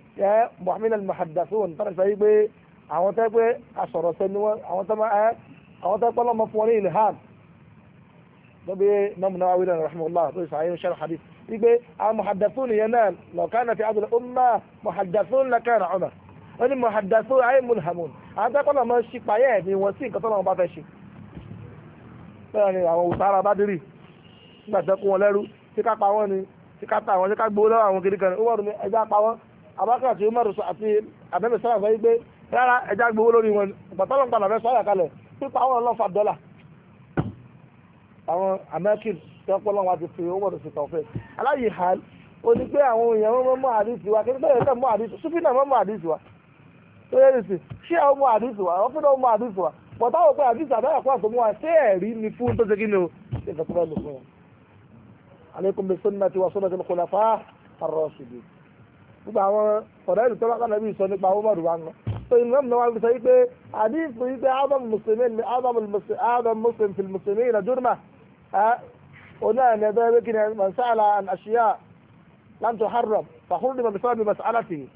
ẹ muhammed al-muhaddathun tọ́lá sọ yìí pé àwọn tẹ́ pé asọ̀rọ̀ sẹ́ni wọn àwọn tẹ́ ẹ àwọn tẹ́ pé ọlọ́mọ fún wọn ní ilham lọ́bí imam nawawi náà rahimahullah tó sọ àyẹ̀wò sharh hadith yìí pé àwọn muhaddathun yẹn náà law kana fi adùn umma muhaddathun lakana umar wọ́n ní muhaddathun ayé mulhamun àwọn tẹ́ pé ọlọ́mọ ṣì payẹ́ ẹ̀mí wọn sí nǹkan tọ́lọ́mọ bá fẹ́ ṣe bẹ́ẹ̀ ni àwọn òsàrà bá dérì nígbà tẹ́ wọn lẹ́rú tí ká ni tí ká ta lọ́wọ́ àwọn kiri kan ó wọ́n ní ẹja pa wọ́n abakar àti umaru àti abẹ́bẹ̀ sọ́ra sọ wípé rárá ẹja gbowó lórí wọn pàtàkì padà fẹ́ sọ́ra kalẹ̀ pípa àwọn ọlọ́fà dọ́là àwọn amẹ́kìn tó pọ́ lọ́wọ́ àti fi owó ọ̀dọ̀ sí tọ̀fẹ́ aláyìí ha ó ní pé àwọn èèyàn wọn mọ àdìsí wa kí nígbà yẹn mọ àdìsí sùfínà mọ àdìsí wa tó yẹ ní sí ṣé àwọn mọ àdìsí wa ọfínà mọ àdìsí wa pọ̀tà wò pé àdìsí àbẹ́yà kó àtọ́mú wa ṣé ẹ̀rí ni fún tó ṣe kí ni o ṣe ìfẹ́ tó bá lò fún wa. alaikum bi sunnati wa sunnati al-khulafa ar-rashidin gbogbo àwọn ọ̀dọ́ ìlú tọ́lá kánà bíi sọ nípa Umaru wa nù. so ìmọ̀ náà wà sọ wípé àdìsí wípé adam muslimin adam muslim adam muslim fil muslimin ìlà jurma ọ̀nà ẹ̀mí ẹ̀dọ́ ẹ̀wé kí ni man sa'ala an ashiya lam tuharram fàkúrú ni màmísà bí mas'alati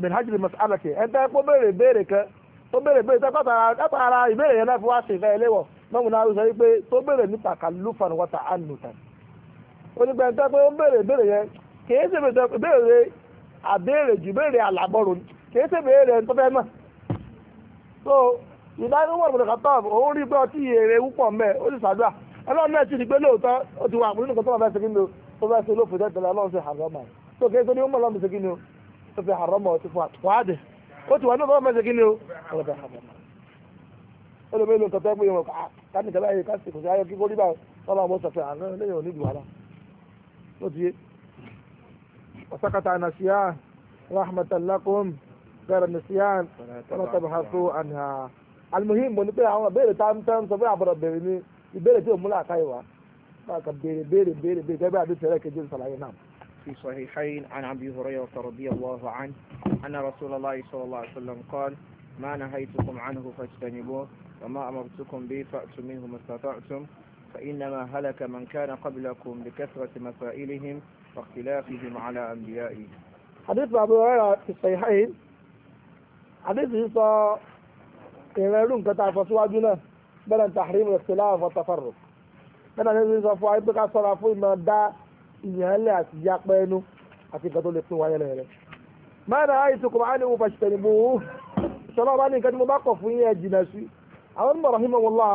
min hajri mas'alati ẹ̀ tẹ́ kó béèrè béèrè kan tó béèrè béèrè tẹ́ kọ́ta ara ìbéèrè yẹn náà fi wá sí ìfẹ́ ẹlẹ́wọ̀ mọ́mù náà sọ wípé tó béèrè àbéèrè jù béèrè àlàbọ̀rò kìí ṣe béèrè tó fẹ́ mọ̀ so ìdájọ́ wọn gbọdọ̀ kàtọ́ òun rí pé ọtí èrè púpọ̀ mẹ́ ó sì ṣàdúrà ọlọ́run náà sì rí pé lóòótọ́ ó ti wà àpòlù nìkan tó wà fẹ́ ṣe kí ni ó fẹ́ ṣe olófin tẹ́tẹ̀lẹ́ ọlọ́run ṣe àrọ́mà so kìí ṣe ní ó mọ̀ ọlọ́run ṣe kí ni ó fi àrọ́mà ọtí fún àtúwádì ó ti wà ní ọlọ́run ṣe kí ni ọlọ́run àrọ́mà ní kẹlẹ́ ayé sì kò mọ́ وسقط عن أشياء رحمة لكم غير النسيان ولا تبحثوا عنها المهم mo ní pé àwọn ìbéèrè tá ń tán sọ pé àbọ̀rọ̀ bèrè ni ìbéèrè تام ta òmúlà ká بيري aboro máa kà béèrè béèrè béèrè béèrè gẹ́gẹ́ bí beere في صحيحين عن أبي هريرة رضي الله عنه أن رسول الله صلى الله عليه وسلم قال ما نهيتكم عنه فاجتنبوه وما أمرتكم به فأتوا منه ما استطعتم فإنما هلك من كان قبلكم بكثرة مسائلهم واختلافهم على أنبيائه حديث أبو هريرة في الصحيحين حديث يسا يقولون كتا فسوا جنا بل تحريم الاختلاف والتفرق bẹ́ẹ̀ náà ní sọ fún wa pé ká sọ̀rọ̀ fún ìmọ̀ dá ìyànlẹ̀ àti ìyapẹ́ ẹnu àti ìgbà tó lè pín wáyé rẹ̀. mẹ́rin náà àìsàn kò máa ní òun fàṣìṣẹ́ nìbò òun ṣọlá ọba ní nǹkan tí mo bá kọ̀ fún yín ẹ jìnà sí. àwọn ọmọ rahimahullah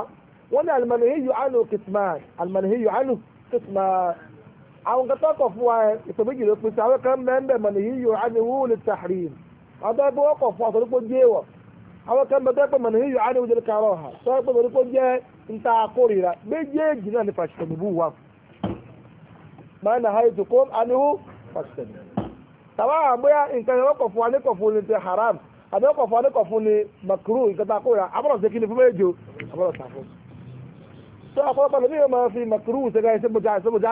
wọ́n ní alimanihiyu anu kitman alimanihiyu anu kitman àwọn kan tọ́kọ̀ fún wa ìtọ̀ méjì ló pèsè àwọn kan mẹ́ńbẹ̀ mọ̀ nìyí yóò ánìwú lè tahrim àwọn tó ẹgbẹ́ wọ́kọ̀ fún àtọ́lípọ̀ jẹ́ wọ̀ àwọn kan mẹ́tọ́ pẹ̀ mọ̀ nìyí yóò ánìwú lè kàrọ̀ hà tó ẹgbẹ́ tọ́lípọ̀ jẹ́ nta kórìíra méjèèjì náà ní fàṣẹ̀nìbù wa máa nà ha ètò kóm ánìwú fàṣẹ̀nìbù tàwa àgbéyà nǹkan yẹn wọ́kọ̀ fún anìkọ̀ fún ní ti haram àbí wọ́kọ̀ fún anìkọ̀ fún ní makru nǹkan tá a kórìíra abọ́dọ̀ sí kíni fún méjò abọ́dọ̀ sàfún. tó àpọ̀lọpọ̀ lómi yóò máa fi makru sẹ́gà ẹ̀sẹ̀ bójá ẹ̀sẹ̀ bójá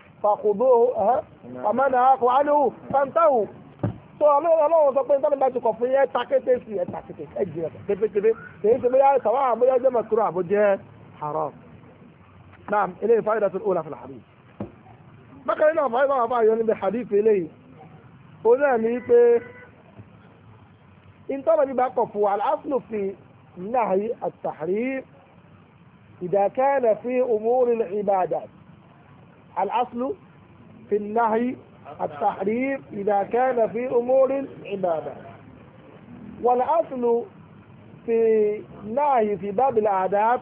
fàkùdó àmàna àkùnánú fantahu tó ọlọ́run sọ pé nítorí bá ti kọ̀ fún yẹn takété sí ẹ̀ takété ẹ̀ jìnà tẹ́fẹ́tẹ́fẹ́ kìí ṣe bóyá sàwọn àbóyá jẹ́ mọ̀kúrò àbó jẹ́ haram náà ilé ìfáyidà tó ó láfìlà hadith bákan náà fáyidà wà fáyọ níbi hadith eléyìí ó náà ní pé nítorí bí bá kọ̀ fún wa aláṣùlù fi náà àtàrí ìdàkẹ́ na fi umúrin ibadat الأصل في النهي التحريم إذا كان في أمور العبادة والأصل في النهي في باب الآداب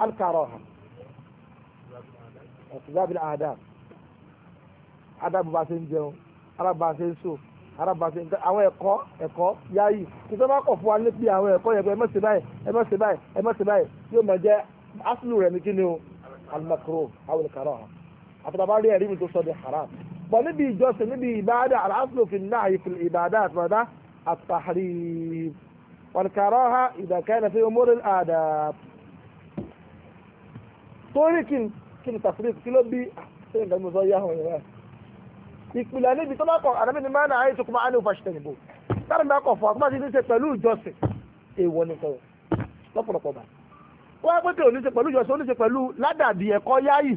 الكراهة في باب الآداب آداب باسين جون آداب باسين سوف arábàṣe nǹkan àwọn ẹ̀kọ́ ẹ̀kọ́ yáyì kí tó bá kọ̀ fún wa níbi àwọn ẹ̀kọ́ yẹn pé ẹ má ṣe báyìí ẹ má ṣe báyìí ẹ má ṣe báyìí yóò máa jẹ́ aslu rẹ̀ ní kí ni o alimakoro awolokaro hàn àfitàbá rí ẹ̀rí mi tó sọ di haram bọ̀ níbi ìjọsìn níbi ìbáadà aláàfin òfin náà ìfil ìbáadà àtúmọ̀dá àtàrí wàlkàrọ́ha ìdàkẹ́nà fi omori àdà torí kí kí ni tàfírí kí ló bí ah, ṣé nǹkan mi sọ yá hàn yẹn ìpìlẹ̀ níbi tó bá kọ̀ àdàbí ni máa ń àyè tó kọ́ máa ń fa ṣẹ̀tẹ̀ nìbò táwọn ìgbà kọ̀ fún akọ́mọ́sí ní ṣe pẹ̀lú ìjọsìn èèwọ̀ nìkan lọ́pọ̀lọpọ̀ bá wọ́n á pẹ́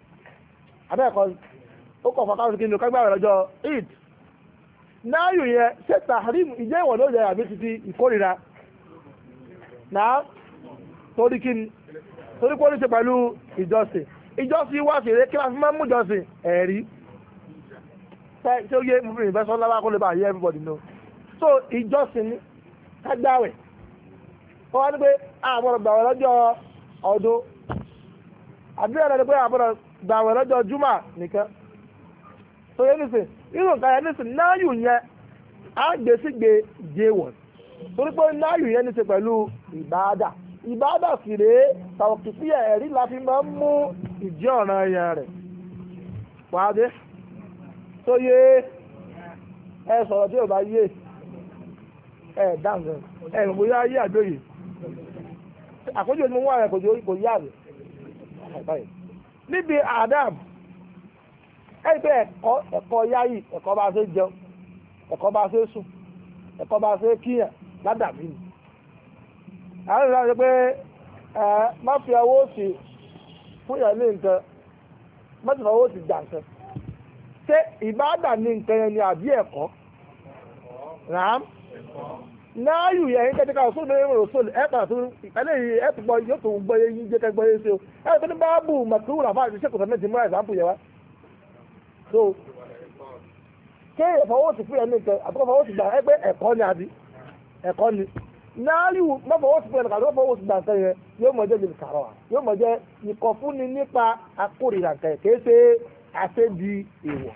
abẹ́ẹ̀kọ́ ó kọ̀ fún akáwọn kìnìún kágbára lọ́jọ́ eid náàyò yẹn ṣé tahrim ìjẹ́ ìwọ̀n ló yẹ àbí títí ìkórira náà torí kí ni torí kó ní ṣe pẹ̀lú ìjọsìn ìjọsìn wá sí eré kí wọ́n fi máa ń mú ìjọsìn ẹ̀rí tí ó yé ìfúnfún ìfẹsọ́ ńlá kó lè bá yé everybody know so ìjọsìn ni kágbáwẹ̀ ó wá ní pé àbọ̀rọ̀ gbàwẹ̀ lọ́jọ́ ọdún àbí ẹ̀rọ ni pé àbọ̀rọ̀ gbàwẹ̀ lọ́jọ́ júmọ̀ nìkan tó yẹ nísìn irú nǹkan yẹn nísìn náyù yẹn á gbé gbé jéwọ̀ torí pé náyù yẹn ní ṣe pẹ̀lú ìbáadà ìbáadà sì ẹ̀rí la fi máa ń mú yẹn wáde tó yé ẹ sọ̀rọ̀ tí níbi adam ẹgbẹ́ ẹ̀kọ́ ẹ̀kọ́ yáyì ẹ̀kọ́ bá ṣe jẹun ẹ̀kọ́ bá ṣe sùn ẹ̀kọ́ bá ṣe kíyàn ládàbí ni àwọn ìlànà ṣe pé ẹ má fi owó sí fún ìyàn ní nǹkan má ti fi owó sí gbà nǹkan ṣé ìbádà ní nǹkan yẹn ni àbí ẹ̀kọ́ ràám náàyù yẹ ẹ̀yin kẹ́tẹ́ká ọ̀sùn ní ẹ̀rọ ọ̀sùn ẹ̀pà tó eléyìí ẹ̀tù gbọ́ yóò tó gbọ́ yé yín jẹ́kẹ́ gbọ́ yé sí o ẹ̀rọ tó ní báàbù màkìrún àfáà ti ṣèkùsọ̀ méjì múra ìsàmpù yẹ wa. so ké ìfọwọ́sì fún ẹ̀mí nǹkan àtúkọ̀ fọwọ́sì gbà ẹgbẹ́ ẹ̀kọ́ ni ẹ̀kọ́ ni fún yẹn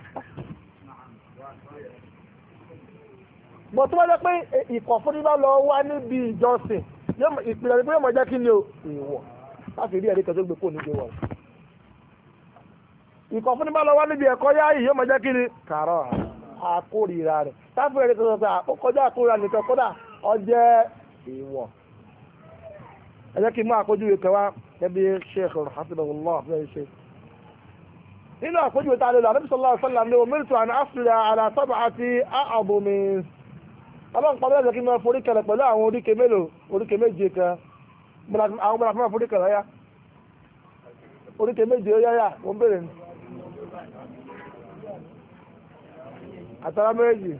bọ̀ tó bá pé ìkọ̀ fún bá lọ wá níbi ìjọsìn ìpìlẹ̀ nípa yọmọ jẹ́ kí ni o ìwọ̀ láti rí ẹ̀rí kan tó gbé kó níbi wọ̀ ìkọ̀ fún bá lọ wá níbi ẹ̀kọ́ yá yìí jẹ́ kí ni táfù ẹ̀rí kan kọjá nìkan kódà jẹ́ ìwọ̀ ẹ n mú wá ẹbí sheikh nínú lè lọ ọ̀sán ọlọ́run pàdé ẹ̀sẹ̀ kí n máa forí kẹlẹ̀ pẹ̀lú àwọn oríkè mélòó oríkè méje kan àwọn mọ̀lá fún máa forí kẹlẹ̀ ọ̀yá oríkè méje ọ̀yá yà ó ń bèrè ni àtàrà méjì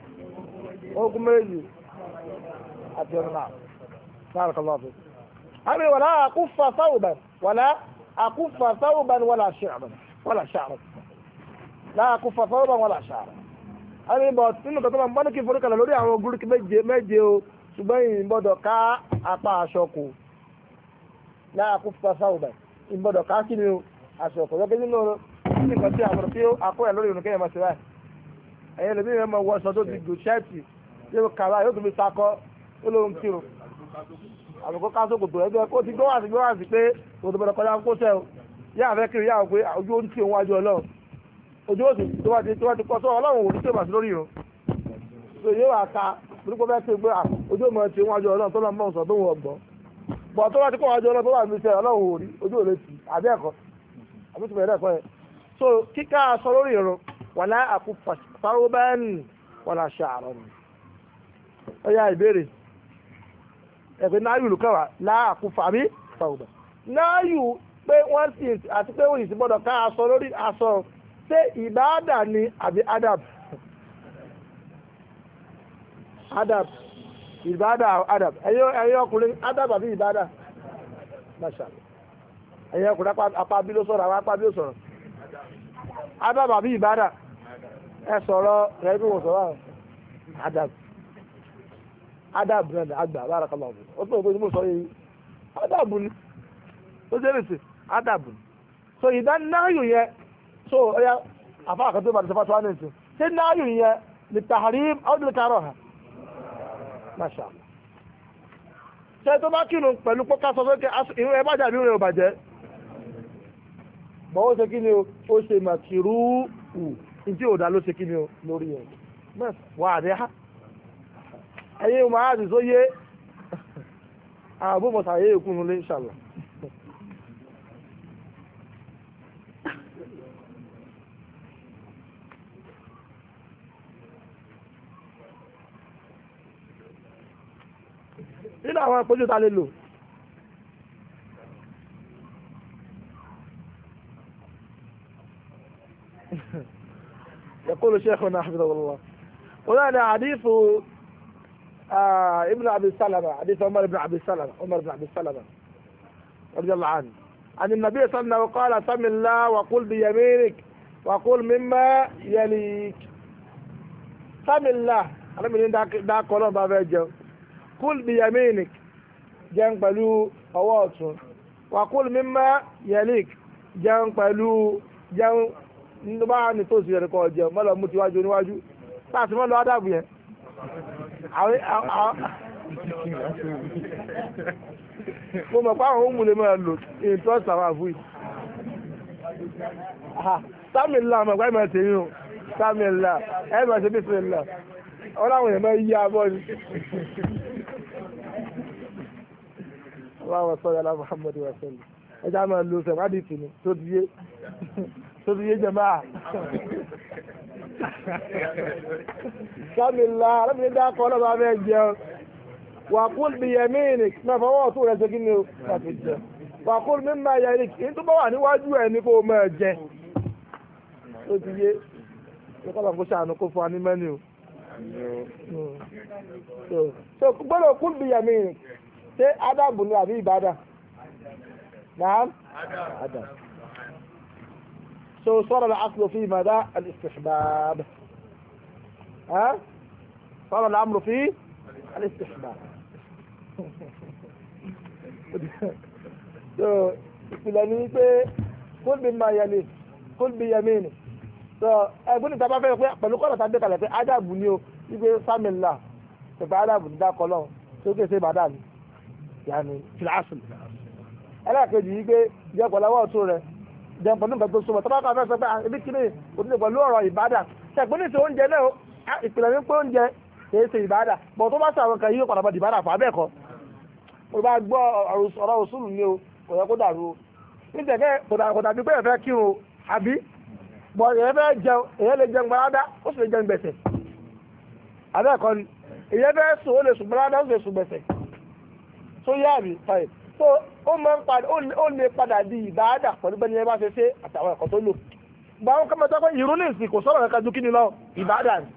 ogun méjì àti ọ̀nà náà kọ́ lọ́ọ̀fẹ́. àmì wàlá àkúfà sáwùbàn wàlá àkúfà sáwùbàn wàlá ṣàrùn wàlá ẹni bọ̀ nínú kan tó máa mọ́nìkì forúkàlẹ̀ lórí àwọn gúrúkì méje o ṣùgbọ́n ìbọ̀dọ̀ ká apá aṣọ kù lára kó fipá sáwùbà ìbọ̀dọ̀ ká kí ni aṣọ kù lọ́kẹ́ nínú nǹkan tí àwọn tí akóyà lórí ìrùn kẹ́yìn máa ṣe báyìí ẹ̀yẹ́ lèmi yẹn máa wọ aṣọ tó ti gùn ṣẹ́ẹ̀tì yóò kàrà yóò tún fi sakọ ó lóun kírun àbùkọ́ ká sókò tó ẹgbẹ́ ó ti gbọ́wàsí gbọ́wàsí pé òtò ojú òsì tó tó bá ti kọ́ sọ ọlọ́run òní tó so ka burúkú ti gbé ojú ọmọ ti wọn ọlọ́run tó lọ́n sọ tó wọn gbọ́ bọ̀ tó bá ti kọ́ ọlọ́run tó ọlọ́run òní ojú òní ti àbí ẹ̀kọ́ àbí tìmọ̀ ẹ̀dẹ́kọ́ yẹn so kíkà sọ lórí àkú ni ó yá ìbéèrè náyù lùkọ́wà ṣé ìbáàdà ni àbí adab adab adab ẹ̀yọ́ ọkùnrin adab àbí ìbáàdà mashallah ẹ̀yọ́ ọkùnrin apá bí ló sọ̀rọ̀ àwọn apá bí ló sọ̀rọ̀ adab àbí ẹ sọ̀rọ̀ rẹ̀ bí wọ́n sọ̀rọ̀ adab adab àgbà ó sọ yìí adab ni ó jẹ́ adab ni so yẹn so ọ̀yá àfáà kan tó bá dùsọ́fà tó wá nìyẹn na náàyù yẹn lè tàhárí ọdún karọ̀ hàn masha ṣe tó bá kírun pẹ̀lú pọ́ká sọ pé irú ẹ as iwe irú ẹ ò bàjẹ́ bọ́ ó ṣe kí ni o se ṣe mà kìrú ù ntí ò dá ló ṣe kí ni o lórí ẹ̀ mẹ́s wà á dẹ́ ha ẹ̀yin màá dùsọ́ yé àbúmọ̀sà inshallah. nínú àwọn àpójú ta lè lò يقول شيخنا حفظه الله وهذا حديث ابن ابي سلمه حديث عمر بن ابي سلمه عمر بن ابي سلمه رضي الله عنه عن النبي صلى الله عليه وسلم قال سم الله وقل بيمينك وقل مما يليك سم الله انا من ذاك ذاك قولون بابا جو kúl bí yaminik jẹun pẹ̀lú ọwọ́ ọ̀tún wà kúl mímá yalik jẹun pẹ̀lú jẹun bá ní tó sì rẹ̀ kọ́ jẹun mọ́lọ̀ mú ti wájú níwájú láti mọ́lọ̀ ádàbù yẹn. mo mọ̀ pé àwọn òmùlé máa lò ètò ọ̀sán àwọn àfúyì. sámi ńlá ọmọ ìgbà ìmọ̀ tèmi o sámi ńlá ẹ̀ máa ṣe bí sinmi ńlá ọlọ́run yẹn máa yí abọ́ ni. Allahumma salli ala Muhammad wa sallam ẹjá máa lo sẹ̀wádìí tì ní tó ti yé tó ti yé jẹ̀má. sábìlá alábìlẹ̀ dá kọ́ lọ́ba bẹ́ẹ̀ jẹun wà kúl bí yẹmí ni máa fọwọ́ ọ̀tún rẹ̀ ṣe kí ni o láti jẹ wà kúl mi máa yẹ ni kí n tó wà níwájú ẹ̀ ní kó o máa jẹ tó ti ní kọ́lá kó ṣàánú kó fún wa o. Hmm. gbọ́dọ̀ kúl bí yẹmí ni ṣé ádàbù ni àbí ìbádà naam ádàbù so sọ́rọ̀ al-aslu fi mada al-istihbab sọ́rọ̀ al-amru fi al-istihbab so ìpìlẹ̀ ni wípé kul ma yẹlẹ̀ kul bi yamini so ẹgbẹ́ níta bá fẹ́ pé pẹ̀lú kọ́lọ̀ tá a dé kalẹ̀ pé ádàbù ni o wípé sámìlà pẹ̀pẹ́ ádàbù ni dákọ̀ lọ́wọ́ tó kéṣe bàdà ni. yàní filasin ẹlẹ́ẹ̀kejì jẹ́ ọ̀tún jẹ́ pẹ̀lú nǹkan tó tọ́ba kan fẹ́ sọ pé ibi pẹ̀lú ọ̀rọ̀ ṣẹ̀pẹ́ ní ti oúnjẹ náà ìpìlẹ̀ ní pé oúnjẹ kìí ṣe bọ̀ tó bá àwọn kan padà bá gbọ́ ọ̀rọ̀ òṣùlù ni o kò yẹ kó dàrú o níjẹ̀kẹ́ kò tó yá fine so ó máa ń padà ó lè padà di ìbáàdà pẹ̀lú bẹ́ni ẹ bá ṣe ṣe àtàwọn ẹ̀kọ́ tó lò gba àwọn kọ́mọ tó pé ìrún ní ìsìn kò sọ̀rọ̀ kankan ju kí ni lọ ìbáàdà ni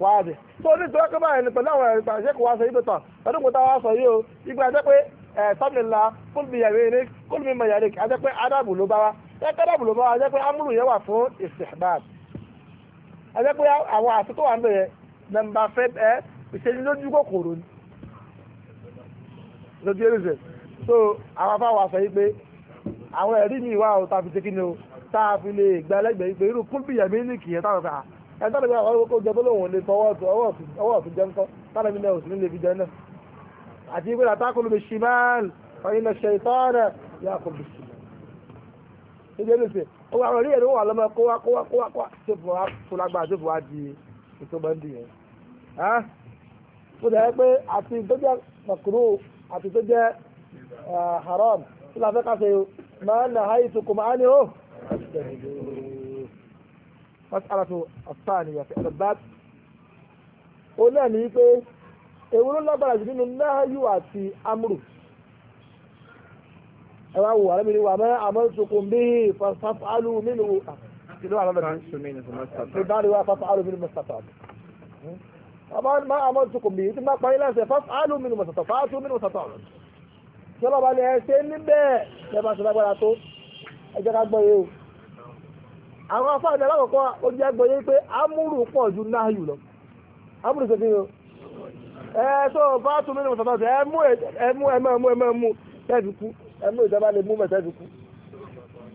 wàá bẹ̀ so nítorí pé báyìí ni pẹ̀lú àwọn ẹ̀rí pàṣẹ kò wá sọ ibẹ̀ tán pẹ̀lú kò tá wá sọ yìí o ìgbà jẹ́ pé sọ́mìnlá kólùmíyàwó eré kólùmíyàwó jẹ́ pé adábù ló bá wa jẹ́ pé adábù ló bá wa a jẹ́ pé àwọn àsìkò wà ń bẹ̀rẹ̀ nàmbà fẹ́ ẹ́ ìṣèlú lójú ẹ̀rẹ́sẹ̀ so àwọn afáwà sọ yí pé àwọn ẹ̀rí ní ìwà ọ̀tá fi ṣe kí ni o tá a fi lè gba ẹlẹ́gbẹ̀ẹ́ yí pé irú kúlbìyàmí ní kìí táwọn fà ẹ̀ tọ́lẹ̀ bí àwọn kó jẹ tó lóun lè fọwọ́ ọ̀tún jẹ ńkọ́ tọ́lẹ̀ bí náà ò sì ní lè fi jẹ náà àti ìwé àtàkùnrin bí shimal ọ̀yìnà ṣètọ́nà yà kò bí sí. ìdí ẹni sè ó wà lórí ẹ̀rọ wà lọ́mọ kó wá kó wá kó wá kó wá tó fò wá tó lágbára tó fò wá di ètò bọ́ndì yẹn. mo dàgbé pé àti ìtọ́jú àkùrọ̀ àti tó jẹ́ haram tí la fẹ́ ká ṣe máa nà áyì tó kò máa ní ó masalatu asaniya fi albat ó náà ní pé èwo ló lágbára jù nínú náàyù àti amúrù ẹ wá wò ah, wà lẹ́mìí wà mẹ́ àmọ́ tukùn bí fàfàlù nínú ìlú àlọ́bẹ̀rẹ̀ ìbáraẹ̀wà fàfàlù nínú mọ́sàtà àmọ́ máa àmọ́ tukùn bí tí máa parí láti ẹ̀fọ́ fàálù mi nù mọ̀sọ̀tọ̀ fàátù mi nù mọ̀sọ̀tọ̀ ọ̀rọ̀ tí ọlọ́ba ni ẹ ṣe níbẹ̀ ẹ bá ṣe lágbára tó ẹ jẹ́ ká gbọ́ yé o àwọn afáàdé alákọ̀ọ́kọ́ ó jẹ́ gbọ́ yé pé amúrù pọ̀ ju náàyù lọ amúrù ṣe fi hàn ẹ tó fàátù mi nù mọ̀sọ̀tọ̀ ẹ mú ẹ mú ẹ mú ẹ mú ẹ mú tẹ́ẹ̀fì kú ẹ mú ìjọba lè mú mẹ́ tẹ́ẹ̀fì kú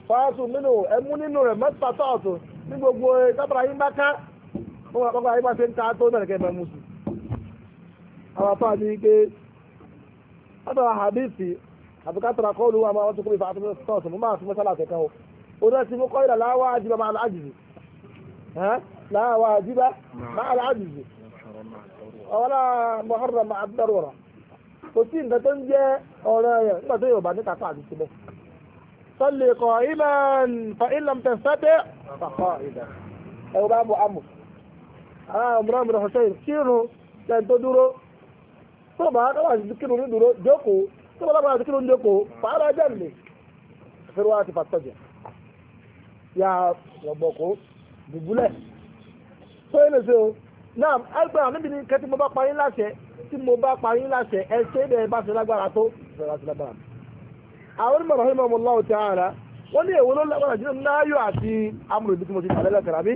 fàátù mi nù ẹ mú nínú rẹ̀ mẹ́ta tọ́ọ̀tù ní gbogbo ìtàbàrà yín bá ká ó wà kọ́kọ́ ayé bá ṣe ń ta tó bẹ̀rẹ̀ kẹfẹ́ mú sí àwọn afá ní pé látara hadithi àbíkátara kọ́ olúwa máa wọ́n tó kúrò ìfà àtúnṣe sọ́ọ̀sì mú máa fi mọ́sálà tẹ̀kẹ́ o ó dẹ́ ti mú kọ́ ìlà láwá àjíbá máa láàjìzì láwá àjíbá máa láàjìzì ọ̀wọ́lá mọ̀hárà máa dárọ̀rà kò sí nǹkan tó ń jẹ́ ọ̀rọ̀ ẹ̀yẹ nígbà tó yorùbá ní kápá àti síbẹ̀ sọ́lẹ̀ kọ̀ ìmọ̀ fa ìlàm tẹ̀sẹ̀tẹ̀ fàkọ́ ìdá ẹ̀rọ bá bọ̀ amù Ah, Imran bin Hussein kírun lẹ́yìn tó dúró tó bá lọ́wọ́ àti kírun ní dúró jókòó tó bá lọ́wọ́ àti kírun jókòó fàárà jẹ́mi fẹ́rẹ́ wá ti fàtọ́jà yà lọ́gbọ̀kọ́ dùbúlẹ̀ tó yẹ lè ṣe o náà ẹgbẹ́ àwọn níbi ní kẹ́tí mo bá parí láṣẹ tí mo bá parí láṣẹ ẹ ṣe bẹ́ẹ̀ bá ṣe lágbára tó ṣe lágbára mi. àwọn onímọ̀ rahimahumullahu ta'ala wọ́n ní èwo ló lágbára jù náà náà yọ àti amúlùmí mo ti tàlẹ́ lẹ́kàrà mi.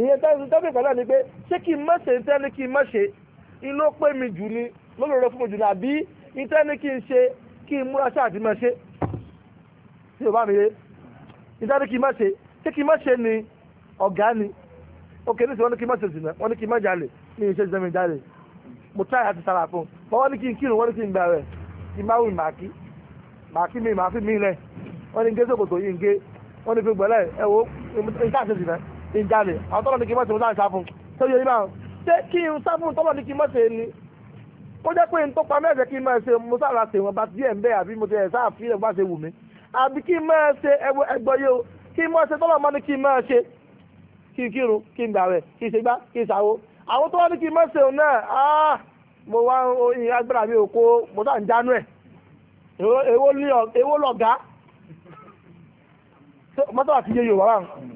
ìyẹn tọ́pì pẹ̀lú ni pé ṣé kí n má ṣe ìtẹ́ ní kí n má ṣe inú pé mi jù ni lọ́lọ́rọ́ fún mi jù ní àbí ìtẹ́ ní kí n ṣe kí n múra ṣáà ti má ṣe tí o bá mi yé ìtẹ́ ní kí n má ṣe ṣé kí n má ṣe ni ọ̀gá ni ok ní sọ wọn ní kí n má ṣe jìnnà wọn ní kí n má jalè ní iṣẹ́ jẹ́ mi jalè mo táyà ti sára fún un wọn ní kí n kírun wọn ní kí n gbà rẹ̀ kí n bá wù màkí màkí mi màá fi mí wọn ní gé sókòtò yìí ń gé wọn ní fi gbọ́lẹ̀ ẹ̀wọ̀ ìtàṣẹ́sì náà ìjáde àwọn tọ́lọ̀ ní kí mọ́sẹ̀ mọ́sẹ̀ sáfún tó yẹ ibà ṣé kí n sáfún tọ́lọ̀ ní kí mọ́sẹ̀ ni ó jẹ́ pé n tó pa mẹ́sẹ̀ kí n máa mo sára ṣe wọn bá díẹ̀ ń bẹ́ àbí mo ti ẹ̀ sáà fi ẹ̀ bá ṣe wù mí àbí kí n máa ṣe ẹgbọ́ yé o kí n máa tọ́lọ̀ máa ní kí n máa kí n kírun kí n gbààwẹ̀ kí n ṣe gbá kí n ṣàwo àwọn tó ní kí n máa náà áá mo wá oyin agbára mi ò kó mo sáà ń jánu ẹ̀ èwo lọ̀gá mọ́tò àti yẹ yorùbá báwọn.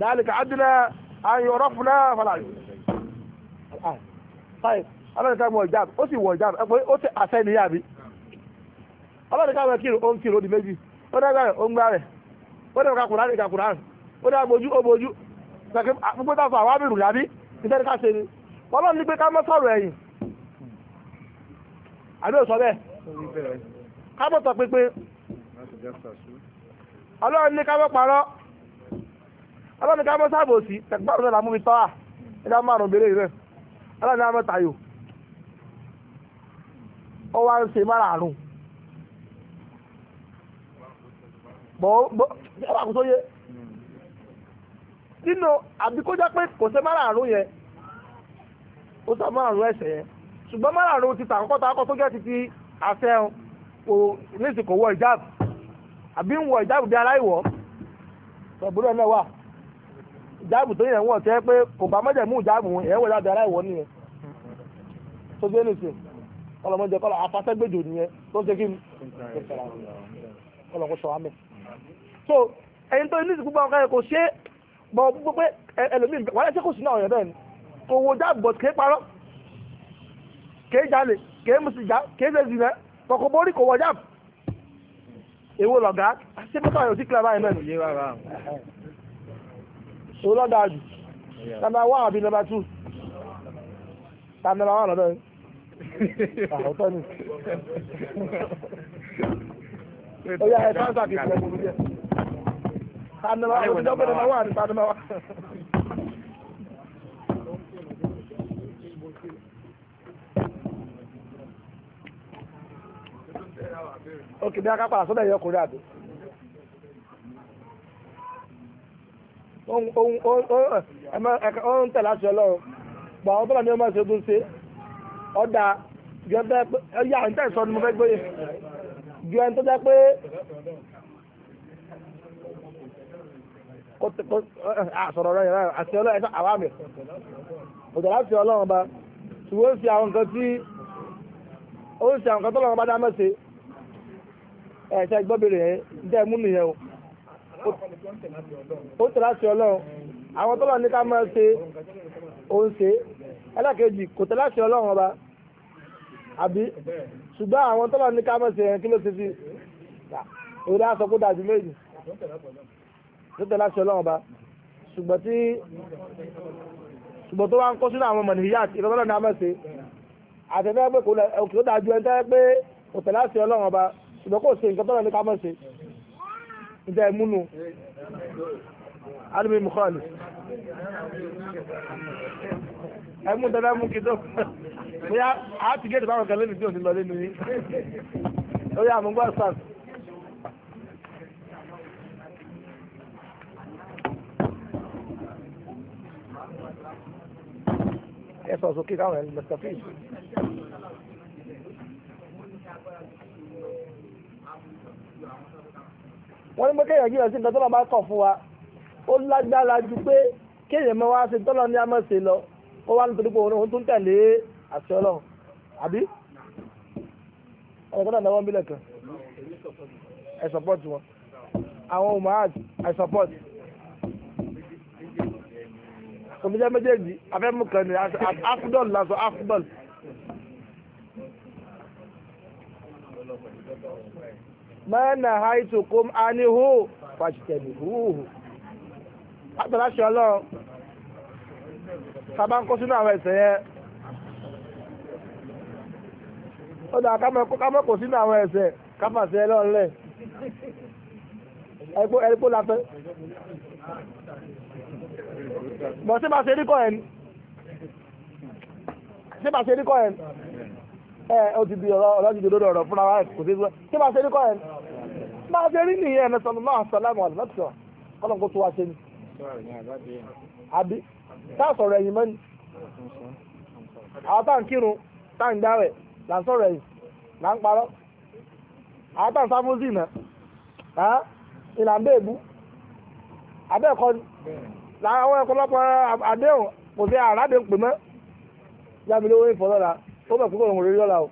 ذلك عدنا أن يعرفنا فلا الآن طيب ọlọ́run ká mọ ìjáàbù ó sì wọ ìjáàbù ẹ pé ó ti àṣẹ ìníyà mi ọlọ́run ká mọ kírun ó ń kírun ó di méjì ó dá gbàrẹ̀ ó ń gbàrẹ̀ ó dá ìka kùránì ìka kùránì ó dá bojú ó bojú kàkí gbogbo táwọn àwọn abirù làbí ìtẹ́ni ká ṣe ni ọlọ́run ní pé ká mọ́ sọ̀rọ̀ ẹ̀yìn àbí ò sọ bẹ́ẹ̀ ká mọ́ sọ pínpín ọlọ́run ní ká mọ́ parọ́ ọlọ́run ká mọ́ sáàbò sí tẹ̀gbọ́n náà làmú mi tọ́ à ẹ̀dá márùn-ún bèrè rẹ̀ ọlọ́run ká mọ́ tayò ó wá ń ṣe mára àrùn bọ́ ẹ̀rọ àkóso yẹ nínú àbíkójá pé kò ṣe mára àrùn yẹn ó sọ mára àrùn ẹ̀sẹ̀ yẹn ṣùgbọ́n mára àrùn ti tàkọ́kọ́ tàkọ́ tó jẹ́ ti ti àfẹ́hàn kò ní ìsìnkò wọ ìjáàbù àbí ń wọ ìjáàbù bí aláìwọ̀ ṣọ̀gbọ́n náà jáàbù tó yẹn wọ̀ tẹ́ pé kò bá mọ́jẹ̀mú jáàbù yẹn wọ̀ jáde aláìwọ̀ nìyẹn tó gbé nìsín ọlọmọdé kọlọ afasẹgbẹjọ nìyẹn tó ṣe kí ọlọkọ sọ amẹ. so ẹyin tó ní ìsìnkú ọkọ yẹn kò ṣe é bọ gbogbo pé ẹlòmíì wàá ṣe kò sí náà ọ̀yọ́ bẹ́ẹ̀ ni kò wo jáàbù bọ̀ kéé parọ́ kéé jalè kéé mùsìjà kéé ṣe zìnà kọ̀kọ́ tó lọ́dà jù nàmbà wà àbí nàmbà tù ta nàmbà wà lọ́dọ̀ yìí àwòtọ́ ni ó yà ẹ̀ sáńsà kìí ṣe ẹ̀kọ́ bí a ń tẹ̀lé aṣọ ọlọ́run gbọ́ àwọn tọ́lá ní ọmọ ṣe tún ṣe ọ̀dà yà ń tẹ̀sọ́ ni mo fẹ́ gbé ju ẹni tó jẹ́ pé àṣọ̀rọ̀ rẹ̀ yẹn àti ọlọ́run ẹ̀ṣọ́ àwọn àmì ọ̀dà láti ọlọ́run ba ṣùgbọ́n ó ṣe àwọn nǹkan tí ó ṣe àwọn nǹkan tọ́lọ́run bá dá mẹ́sẹ̀ ẹ̀ṣẹ́ gbọ́bìnrin yẹn ń tẹ́ mú o ó tẹ̀lé àṣẹ ọlọ́run àwọn tọ́lọ̀ ní ká máa ṣe ó ń ṣe ẹlẹ́kejì kò tẹ̀lé àṣẹ ọlọ́run ọba àbí ṣùgbọ́n àwọn tọ́lọ̀ ní ká máa ṣe yẹn kí ló ṣe sí ìrora aṣọ kó dájú méjì tó tẹ̀lé àṣẹ ọlọ́run ọba ṣùgbọ́n tí ṣùgbọ́n tó wá ń kó sínú àwọn ọmọ nìyí àti ìrọ̀lọ́run ní a máa ṣe àtẹ̀fẹ́ pé kò dájú ẹ̀ tẹ́ pé kò tẹ̀lé àṣẹ ọlọ́run ọba ṣùgbọ́n kò ṣe nǹkan tọ́lọ̀ ní ká máa ṣe ìdá ìmúnu alimi mukhali ẹmú dada mú kí tó bóyá a ti gẹ́ẹ̀tì báwọn kan lẹ́nu tí ò ní lọ lẹ́nu yìí ó yà mú gbọ́ sars. ẹ sọ sókè káwọn wọ́n ní pé kéèyàn jìnnà sí nǹkan tọ́lọ́ bá kọ̀ fún wa ó lágbára ju pé kéèyàn máa wá ṣe tọ́lọ́ ní àmọ́ ṣe lọ ó wá nítorí pé òun tó ń tẹ̀lé àṣẹ ọlọ́run àbí ọ̀rọ̀ kan náà náwó bílẹ̀ kan ẹ̀ support wọn àwọn umar ẹ̀ support kòmíjẹ́ méjèèjì afẹ́mú kan ní afdol lásán afdol mọ́nà àìsùnkún aníhù fàṣìtẹ̀lì húhù látàláṣẹ ọlọ́run sábà ń kó sínú àwọn ẹ̀ṣẹ̀ yẹn ó dà kámọ́ kó sínú àwọn ẹ̀ṣẹ̀ káfàṣẹ ẹlọ́run lẹ̀ ẹgbó ẹgbó lafẹ́ bọ̀ sí bá ṣe rí kọ́ ẹ̀ ní sí bá ṣe rí kọ́ ẹ̀ ní. ẹ ó ti di ọlọ́jìdì lórí ọ̀rọ̀ fúnra wa kò sí ìwé kí máa ṣe rí kọ́ ẹ̀ máa ṣe rí nìyẹn ẹ̀mẹ́ sọ̀rọ̀ náà sọ̀lámù àlùmọ́tò kọ́lọ̀ kó tó wa ṣe ni. àbí tá sọ̀rọ̀ ẹ̀yìn mọ́ni àwọn tá ń kírun tá ń là ń sọ̀rọ̀ ẹ̀yìn là ń parọ́ àwọn ń sáfúnsì náà o bẹ̀ púpọ̀ òun o gbogbo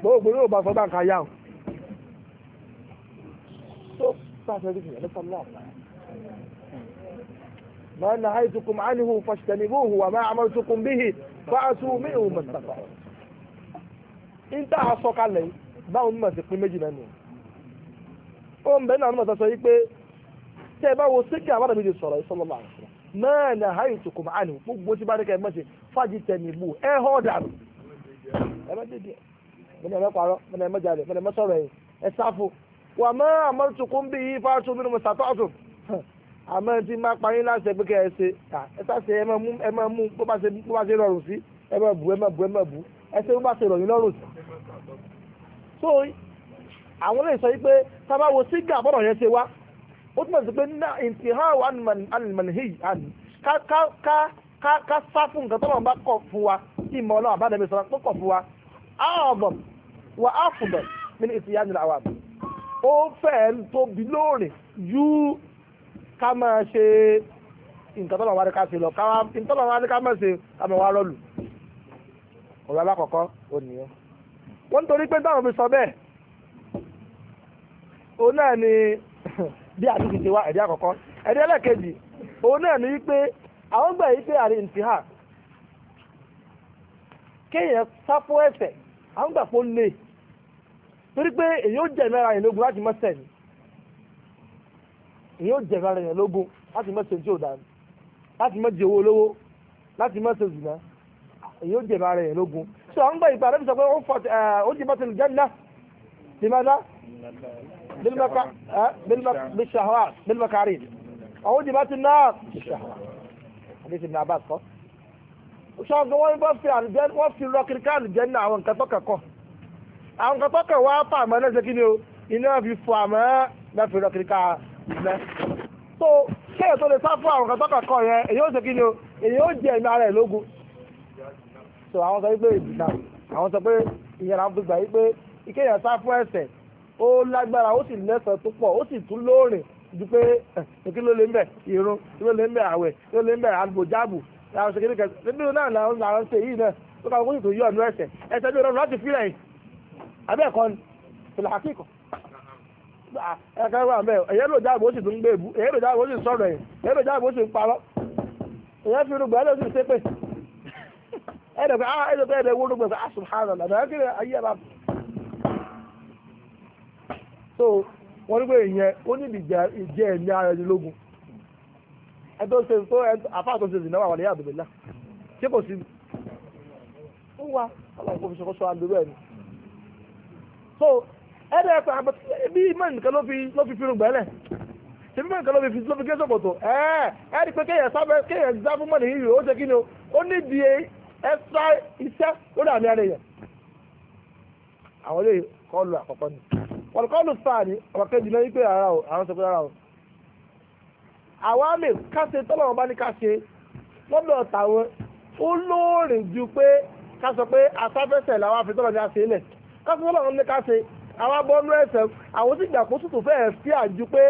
gbogbo yóò bá sọ báńkà yá o tó pàṣẹ rí ìyẹn lọ́sọ̀ lọ́wọ́ ma nahaytukum anhu fajtanibuhu wa ma amartukum bihi fa'tu minhu mastata'tum ń tà á sọ kalẹ̀ báwọn mímọ̀ sí pín méjì lẹ́nu ó ń bẹ náà mímọ̀ sọ sọ pé tẹ́ bá wo ti sọ̀rọ̀ ma gbogbo tí bá kẹ́ họ́ ẹ má dédé mo ní ẹ má parọ́ mo ní ẹ má jalè mo ní ẹ má sọ̀rọ̀ ẹ̀yìn ẹ sáfù wà má àmọ́tukùn bí yìí fáwọn tóbi ní mo sàtọ́ àtùm àmọ́ bu ẹ bu ẹ bu ẹ ṣe bó bá ṣe so àwọn lè sọ yìí pé sábà wo sígà bọ́dọ̀ yẹn ṣe wá ó túmọ̀ sí pé ná ìtìhàn ànìmọ̀nìhì ká ká ká ká sá fún nǹkan tó lọ́n bá tí mọ ọlọ́run bá sọ na kọ̀ fún wa ààbọ̀ wà á fún bẹ̀ nínú ìsìyá nílò àwọn àbọ̀ ó fẹ́ tóbi lóòrè ju ká máa ṣe nǹkan tọ́lọ̀ wá ní ká ṣe lọ káwá nǹkan tọ́lọ̀ wá ní ká máa ṣe ká máa wá ọ̀rọ̀ alákọ̀ọ́kọ́ wọ́n pé táwọn sọ bẹ́ẹ̀ òun náà ni bí àdúgbò ti wá ẹ̀dí àkọ́kọ́ kéèyàn sápó ẹ̀ṣẹ̀ à ń gbà pó lè torí pé èyí ó jẹ̀mí ara yẹn lógun láti mọ́ sẹ́ni èyí ó jẹ̀mí ara yẹn lógun láti mọ́ sẹ́ni tí ò dáa láti mọ́ di owó olówó láti mọ́ sẹ́ni zùnà èyí ó jẹ̀mí yẹn lógun so à gbà ìgbà rẹ̀ pé ó fọ ẹ̀ ó jẹ́ mọ́sẹ̀lì jẹ́nà tìmọ́dá bílmakarí àwọn ó jẹ́ mọ́sẹ̀lì náà bíṣàhà àdéhùn ní abá sọ ṣọ́gun wọ́n bá fi àlùjẹ́ wọ́n fi lọ kiri ká àlùjẹ́ ní àwọn nǹkan tọ́kẹ̀ kọ́ àwọn nǹkan tọ́kẹ̀ wá fà àmọ́ ẹlẹ́sẹ̀ kí ni o iná fi fọ àmọ́ náà fi lọ kiri ká iná tó kéèyàn tó lè sá fún àwọn nǹkan tọ́kẹ̀ kọ́ yẹn èyí ó ṣe kí ni o èyí ó jẹ ẹ̀mí ara ẹ̀ lógun tó àwọn sọ pé ìdìdà àwọn sọ pé ìyẹn àwọn gbígbà yìí pé ìkéèyàn sá fún ẹ̀ṣẹ̀ ó lágbára ó sì lẹ́sọ̀ọ́ tó pọ̀ ó sì tún lóòrìn ju pé kí ló lè ń bẹ̀ ìrun kí ló lè ń bẹ̀ àwẹ̀ kí ló lè ń bẹ̀ àgbòjáàbù làwọn ṣe kékeré nínú náà làwọn làwọn ṣe yìí náà tó ká wọ́n tó yí ọ̀nà ẹsẹ̀ ẹsẹ̀ bí ọ̀rọ̀ láti fílẹ̀ yìí abẹ́ ẹ̀kọ́ ni tòlà àkíkọ̀ ẹ̀ka wà mẹ́ ẹ̀yẹ́ ló ẹ̀tọ́ ṣe tó àfáà tó ṣe ìdìnnà wà wàlẹ́ àdùbẹ̀lá ṣé kò sí ń wa ọlọ́run kò fi ṣokòṣo àdúró ẹ̀ ni. so ẹ̀rọ ẹ̀kọ́ àbẹ̀tí mọ̀ nìkan ló fi ló fi fi rùn gbẹ́lẹ̀ ṣe mọ̀ nìkan ló fi ló fi gé sòkòtò ẹ̀ ẹ̀ rí pé kéèyàn sábẹ́ kéèyàn sá fún mọ̀nì yìí ó ṣe kí ni o ó ní di ẹ̀sà iṣẹ́ lórí àmì ara èèyàn. àwọn ilé kọlù àkọ́kọ́ ni àwa lè káṣe tọ́lọ́wọ́n bá ní káṣe lọ́dọ̀ tàwọn ó lóòrìn ju pé ká sọ pé asáfẹ́sẹ̀ làwọn àfi tọ́lọ́wọ́n ní káṣe lẹ̀ káṣe tọ́lọ́wọ́n ní káṣe àwa bọ́nú ẹ̀sẹ̀ àwọn sì gbà kó tútù fẹ́ẹ̀ sí àjú pé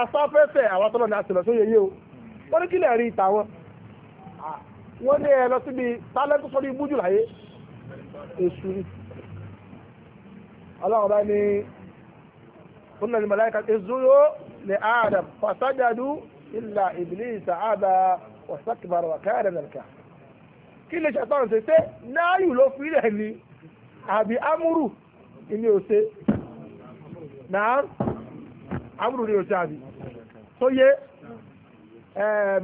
asáfẹ́sẹ̀ àwa tọ́lọ́wọ́n ní káṣe lọ sóyeye o wọ́n ní kílẹ̀ rí tàwọn wọ́n ní ẹ lọ síbi tálẹ́ntì sọ́dí ibújú láyé èṣù ni ọlọ́run bá ní kúnnà ní màláíkà èṣù yóò lè Adam fasajadu إلا إبليس عبى واستكبر وكان من الكافرين kí lè ṣàtọ́rọ̀ ṣe pé náàyù ló fi rẹ̀ ni àbí amúrù ni ò ṣe náà amúrù ni ò ṣe àbí tó yé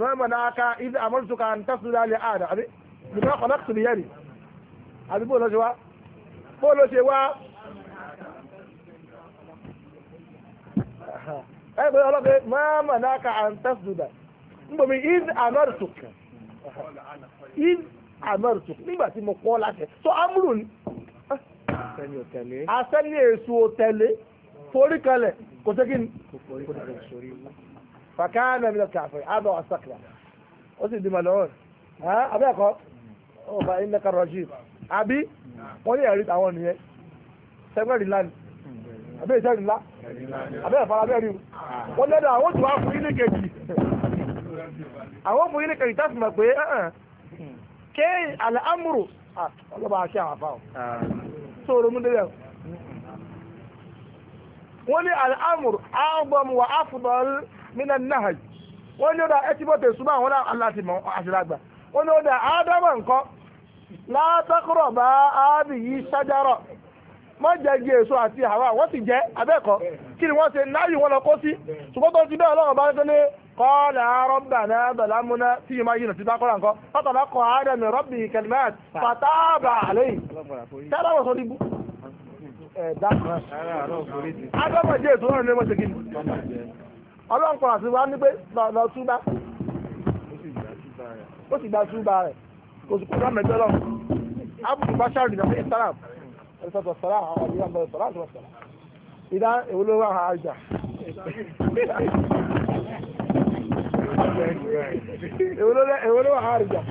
mọ́mọ́ náà ká ìdí àmọ́sùkà ń tẹ́sùn lálẹ́ àdá àbí ìgbà kan láti tìlẹ̀ yẹ́rì àbí bó ló ṣe wá bó ló ṣe wá ẹgbẹ́ ọlọ́gbẹ́ máa maama náà ka ń tẹ́sùdà ngbọ̀mí iz amẹ́rùtùk iz amẹ́rùtùk nígbà mo kọ́ láti sọ amúrù ni asẹ́ni èso tẹ̀lé forí kalẹ̀ kò sí ni fàkàánà mi lọ kàfẹ́ àbọ̀ ọ̀sàkìlà ó sì di màlúwọ̀n abẹ́ẹ̀kọ́ ọba ìnẹ́ka rọ̀jì àbí wọ́n ní ẹ̀rí àwọn nìyẹn sẹ́gbẹ̀rì ńlá ni àbí abẹ́ ìfara bẹ́ẹ̀ni wọ́n lẹ́dọ̀ àwọn tó wá fún ilé kejì àwọn fún ilé kejì tásì mọ̀ pé ké àlàámùrù ọlọ́ba àṣẹ àwọn a tó o romú délẹ̀ wọ́n ní àlàámùrù àgbọ̀mù wà áfùdọ́l nínú náà wọ́n ní ó ẹtí bọ́tẹ̀ súnmọ́ àwọn aláti mọ́ àṣìlágbà wọ́n ní ó nǹkan látàkùrọ̀ bá ṣájárọ̀ wọ́n jẹ́ igi èso àti àwa wọ́n sì jẹ́ abẹ́ẹ̀kọ́ kí ni wọ́n ṣe náyì wọn lọ kó sí ṣùgbọ́n ti bẹ́ẹ̀ ọlọ́run bá tó ní kọ́ọ̀lá rọ́bàná bàlámúná tí yìí máa yìí ti ẹ̀sọ́tọ̀ sọ́lá àwọn àbí àbọ̀ sọ́lá àti ọ̀sọ̀lá ìdá ìwúlówó àwọn àjà ìwúlówó àwọn àjà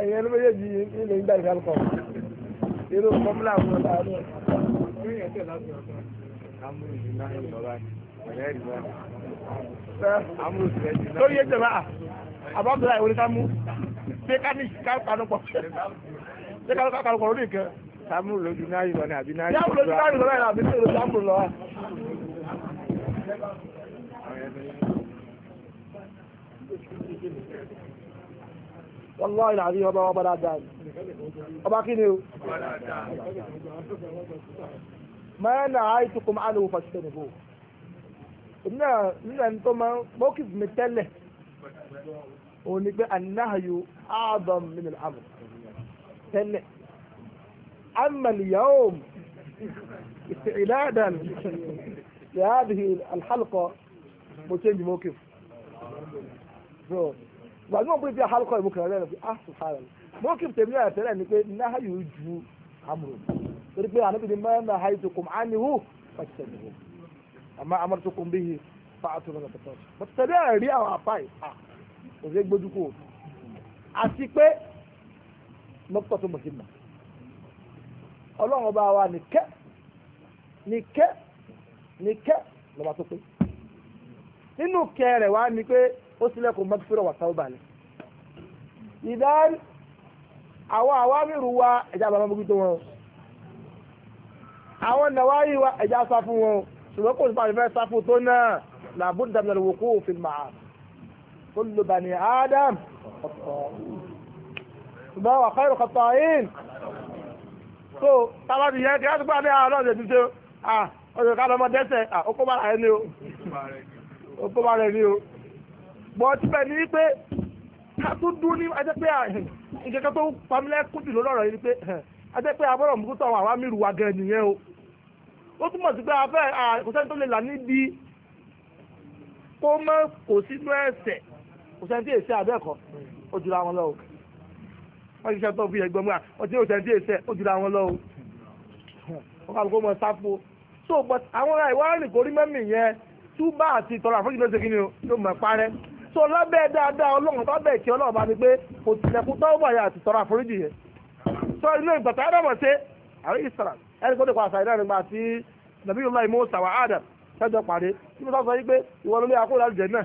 ẹ̀yìn ẹni méjèèjì nílé ìgbà ìfẹ́lùkọ̀ irú fọ́múlà àwọn ọ̀dà àdó lórí ẹjẹ bá àbábùdá ìwúrí ká mú ṣé ká ní kápánupọ̀ ṣé ká kápánupọ̀ lórí nǹkan sàmúlò lójú náà yìí lọ ní àbí náà yìí lọ ní àbí náà yìí lọ ní àbí náà Wọ́lá ìlàrí ọba ọba dáadáa. Ọba kí ni o? Mẹ́rin náà àìtù kò máa lòó fàṣẹ́ nìbò. Ìmúnà ní ẹni tó máa ń mọ́kìfì mi tẹ́lẹ̀ ó ní pé anáhàyò adam min al-amr tẹ́lẹ̀ amal yawm استعدادا لهذه الحلقة متين موقف gbàgbé wọn pé bí àhálùkọ ìmú kan lẹ́nu pé ah sùhárà mọ́kì tèmi náà tẹ́lẹ̀ ni pé náà yóò ju amúrò torí pé àná bìíní máa ń na haitu kùm ánihu pàṣẹ nìhu àmọ́ amọ̀tòkùn bíi fàtúrò nàbẹ̀tọ̀ bàtẹ̀lẹ̀ rí àwọn àpáyé ah kò sí gbójú kò àti pé mọ́tò tó mọ̀ sí mọ̀ ọlọ́run ọba wa nìkẹ́ nìkẹ́ nìkẹ́ lọ́ba tó pé nínú kẹ́ rẹ̀ wá ni pé ó sílẹ̀kùn mọ́tífẹ́rọ̀ wà sáwọ́ balẹ̀ ìdárí àwọn àwámìrù wa ẹ̀já bàbá mọ́gbí tó wọn àwọn nàwáyí wa ẹ̀já sá fún wọn ṣùgbọ́n kò sí pàṣẹ fẹ́ sá fún tó náà làbúdàmìnà wòkú òfin màá كل بني آدم، ṣùgbọ́n wà خير ìrọ̀kọ̀tọ̀ yìí so tábà ti yẹ kí á ti gbà ní àárọ̀ ده ti ṣe ah ọ̀dẹ̀ ká lọ́mọ dẹ́sẹ̀ ah ó kó bá rẹ̀ ni o ó kó bá rẹ̀ ni o bọ́ ọtí bẹ́ẹ̀ ni wípé ká tó dún ní ajẹ́ pé ìkẹ́kẹ́ tó pamílẹ̀ kùtù lọ́rọ̀ yìí ni pé ajẹ́ pé abọ́rọ̀ mú tó àwọn àwa mìíràn wa gẹ̀ẹ́ nìyẹn o ó túmọ̀ sí pé afẹ́ kò tó lè là níbi kó mọ́ kò sínú ẹ̀sẹ̀ kò sẹ́ni tí èsì àbẹ́ẹ̀kọ́ ó jùlọ àwọn lọ́wọ́ wọ́n ṣiṣẹ́ tó fi ẹgbẹ́ múra wọ́n ti ní àwọn lọ́wọ́ wọ́n kà ló kó mọ sáfù so but àwọn ará ìwárẹ̀ nìkó rí mẹ́mì yẹn túbà àti ìtọ́ra àfọ́jú ló ṣe kí ni so lábẹ́ dáadáa ọlọ́run tó bẹ̀ kí ọlọ́run bá ní pé kò tilẹ̀kùn tó yà àti ìtọ́ra àforíjì yẹn so inú ìgbàtà ẹ̀rọ mọ̀ sí ìsàlà ẹni tó dẹ̀kọ̀ àṣà ìdárin gbà sí nàbí yorùbá ìmọ̀ sàwà ádà sẹ́jọ pàdé sọ sọ yí pé ìwọ ló lé akó jẹ náà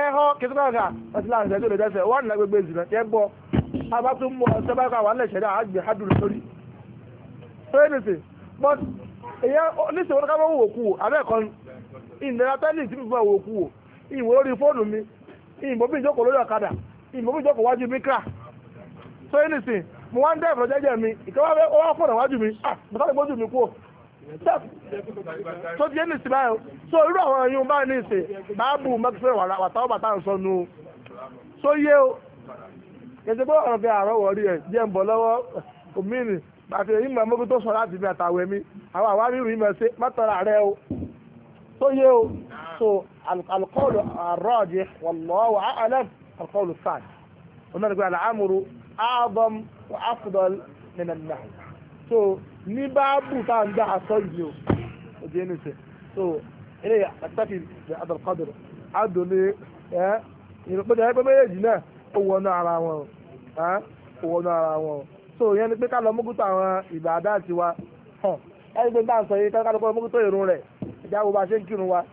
ẹ̀họ́ kìtìkàkà ọ̀sílànà ìṣẹ́jú lè dẹ́sẹ̀ wọ́n nà gbogbo ìzìnà tẹ́ gbọ́ abá tún mú ọ̀sẹ̀ bá kà àgbẹ̀ hádùn lórí fẹ́ẹ̀nìsì but oníṣẹ́ wọn wò abẹ́ẹ̀kọ́ ìnira tẹ́lẹ̀ tí fífọ́ wò ìwò lórí fóònù mi ìmọ̀ bí ìjókòó lórí ọ̀kadà ìmọ̀ bí ìjókòó wájú mi mo wá ń dẹ́ ìfọ̀jẹ́jẹ́ mi ìkẹ́wàá fẹ́ fọ̀nà wájú mi ah mo sáré gbójú mi tó di ẹni ìsìn báyìí so irú àwọn ẹyin báyìí ní ìsìn báàbù mẹ́kísẹ́ wàtáwọ́ bàtà ń sọ nu so yé o kẹsẹ̀ pé ọ̀rọ̀ fi àárọ̀ wọ̀rí ẹ̀ díẹ̀ ń bọ̀ lọ́wọ́ òmìnir àti èyí mọ̀ mọ́kú sọ láti ibi àtàwẹ̀ mi àwọn àwárí rìn mọ̀ sí mọ́tọ́ra rẹ o tó yé o so alukọ́ọ̀lù àrọ́ọ̀dì wallahu a'lam alukọ́ọ̀lù sáàdì ọ̀nà ìgbà àlàámùrù ààbọ̀m afdal nínú náà so ní báàbù tá à ń dá aṣọ yìí o ẹni sẹ so eléyà àtàkì Abdulkadir adòlè ẹ ìrìnkọjá ẹgbẹ méjèèjì náà ó wọnú ara wọn o ẹ ó wọnú ara wọn o so yẹn ni pé ká lọ mọ́kútó àwọn ìgbà àdá tiwa hàn ẹni pé bá ń sọ yìí ká lọ mọ́kútó ìrun rẹ̀ ìjáwó bá ṣe ń kírun wa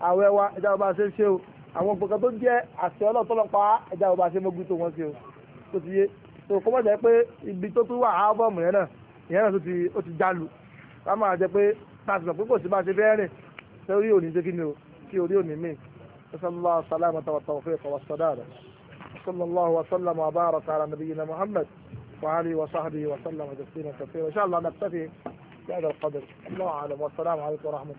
àwẹ̀ wa ìjáwó bá ṣe ń ṣe o àwọn gbọ̀ngàn tó jẹ́ àṣẹ ọlọ́tọ́lọ́pàá ẹja ọba ṣe mọ́gbí tó ìyẹn náà ó ti jálu ká máa jẹ pé láti sọ pé kò sí bá ṣe fẹ́ rìn ṣé orí òní ṣe kí ni o kí orí òní mì صلى الله سلامة والتوفيق والسدادة صلى الله وسلم وبارك على نبينا محمد وعلي وصحبه وسلم تسليما كثيرا إن شاء الله نكتفي بهذا القدر الله أعلم والسلام عليكم ورحمة الله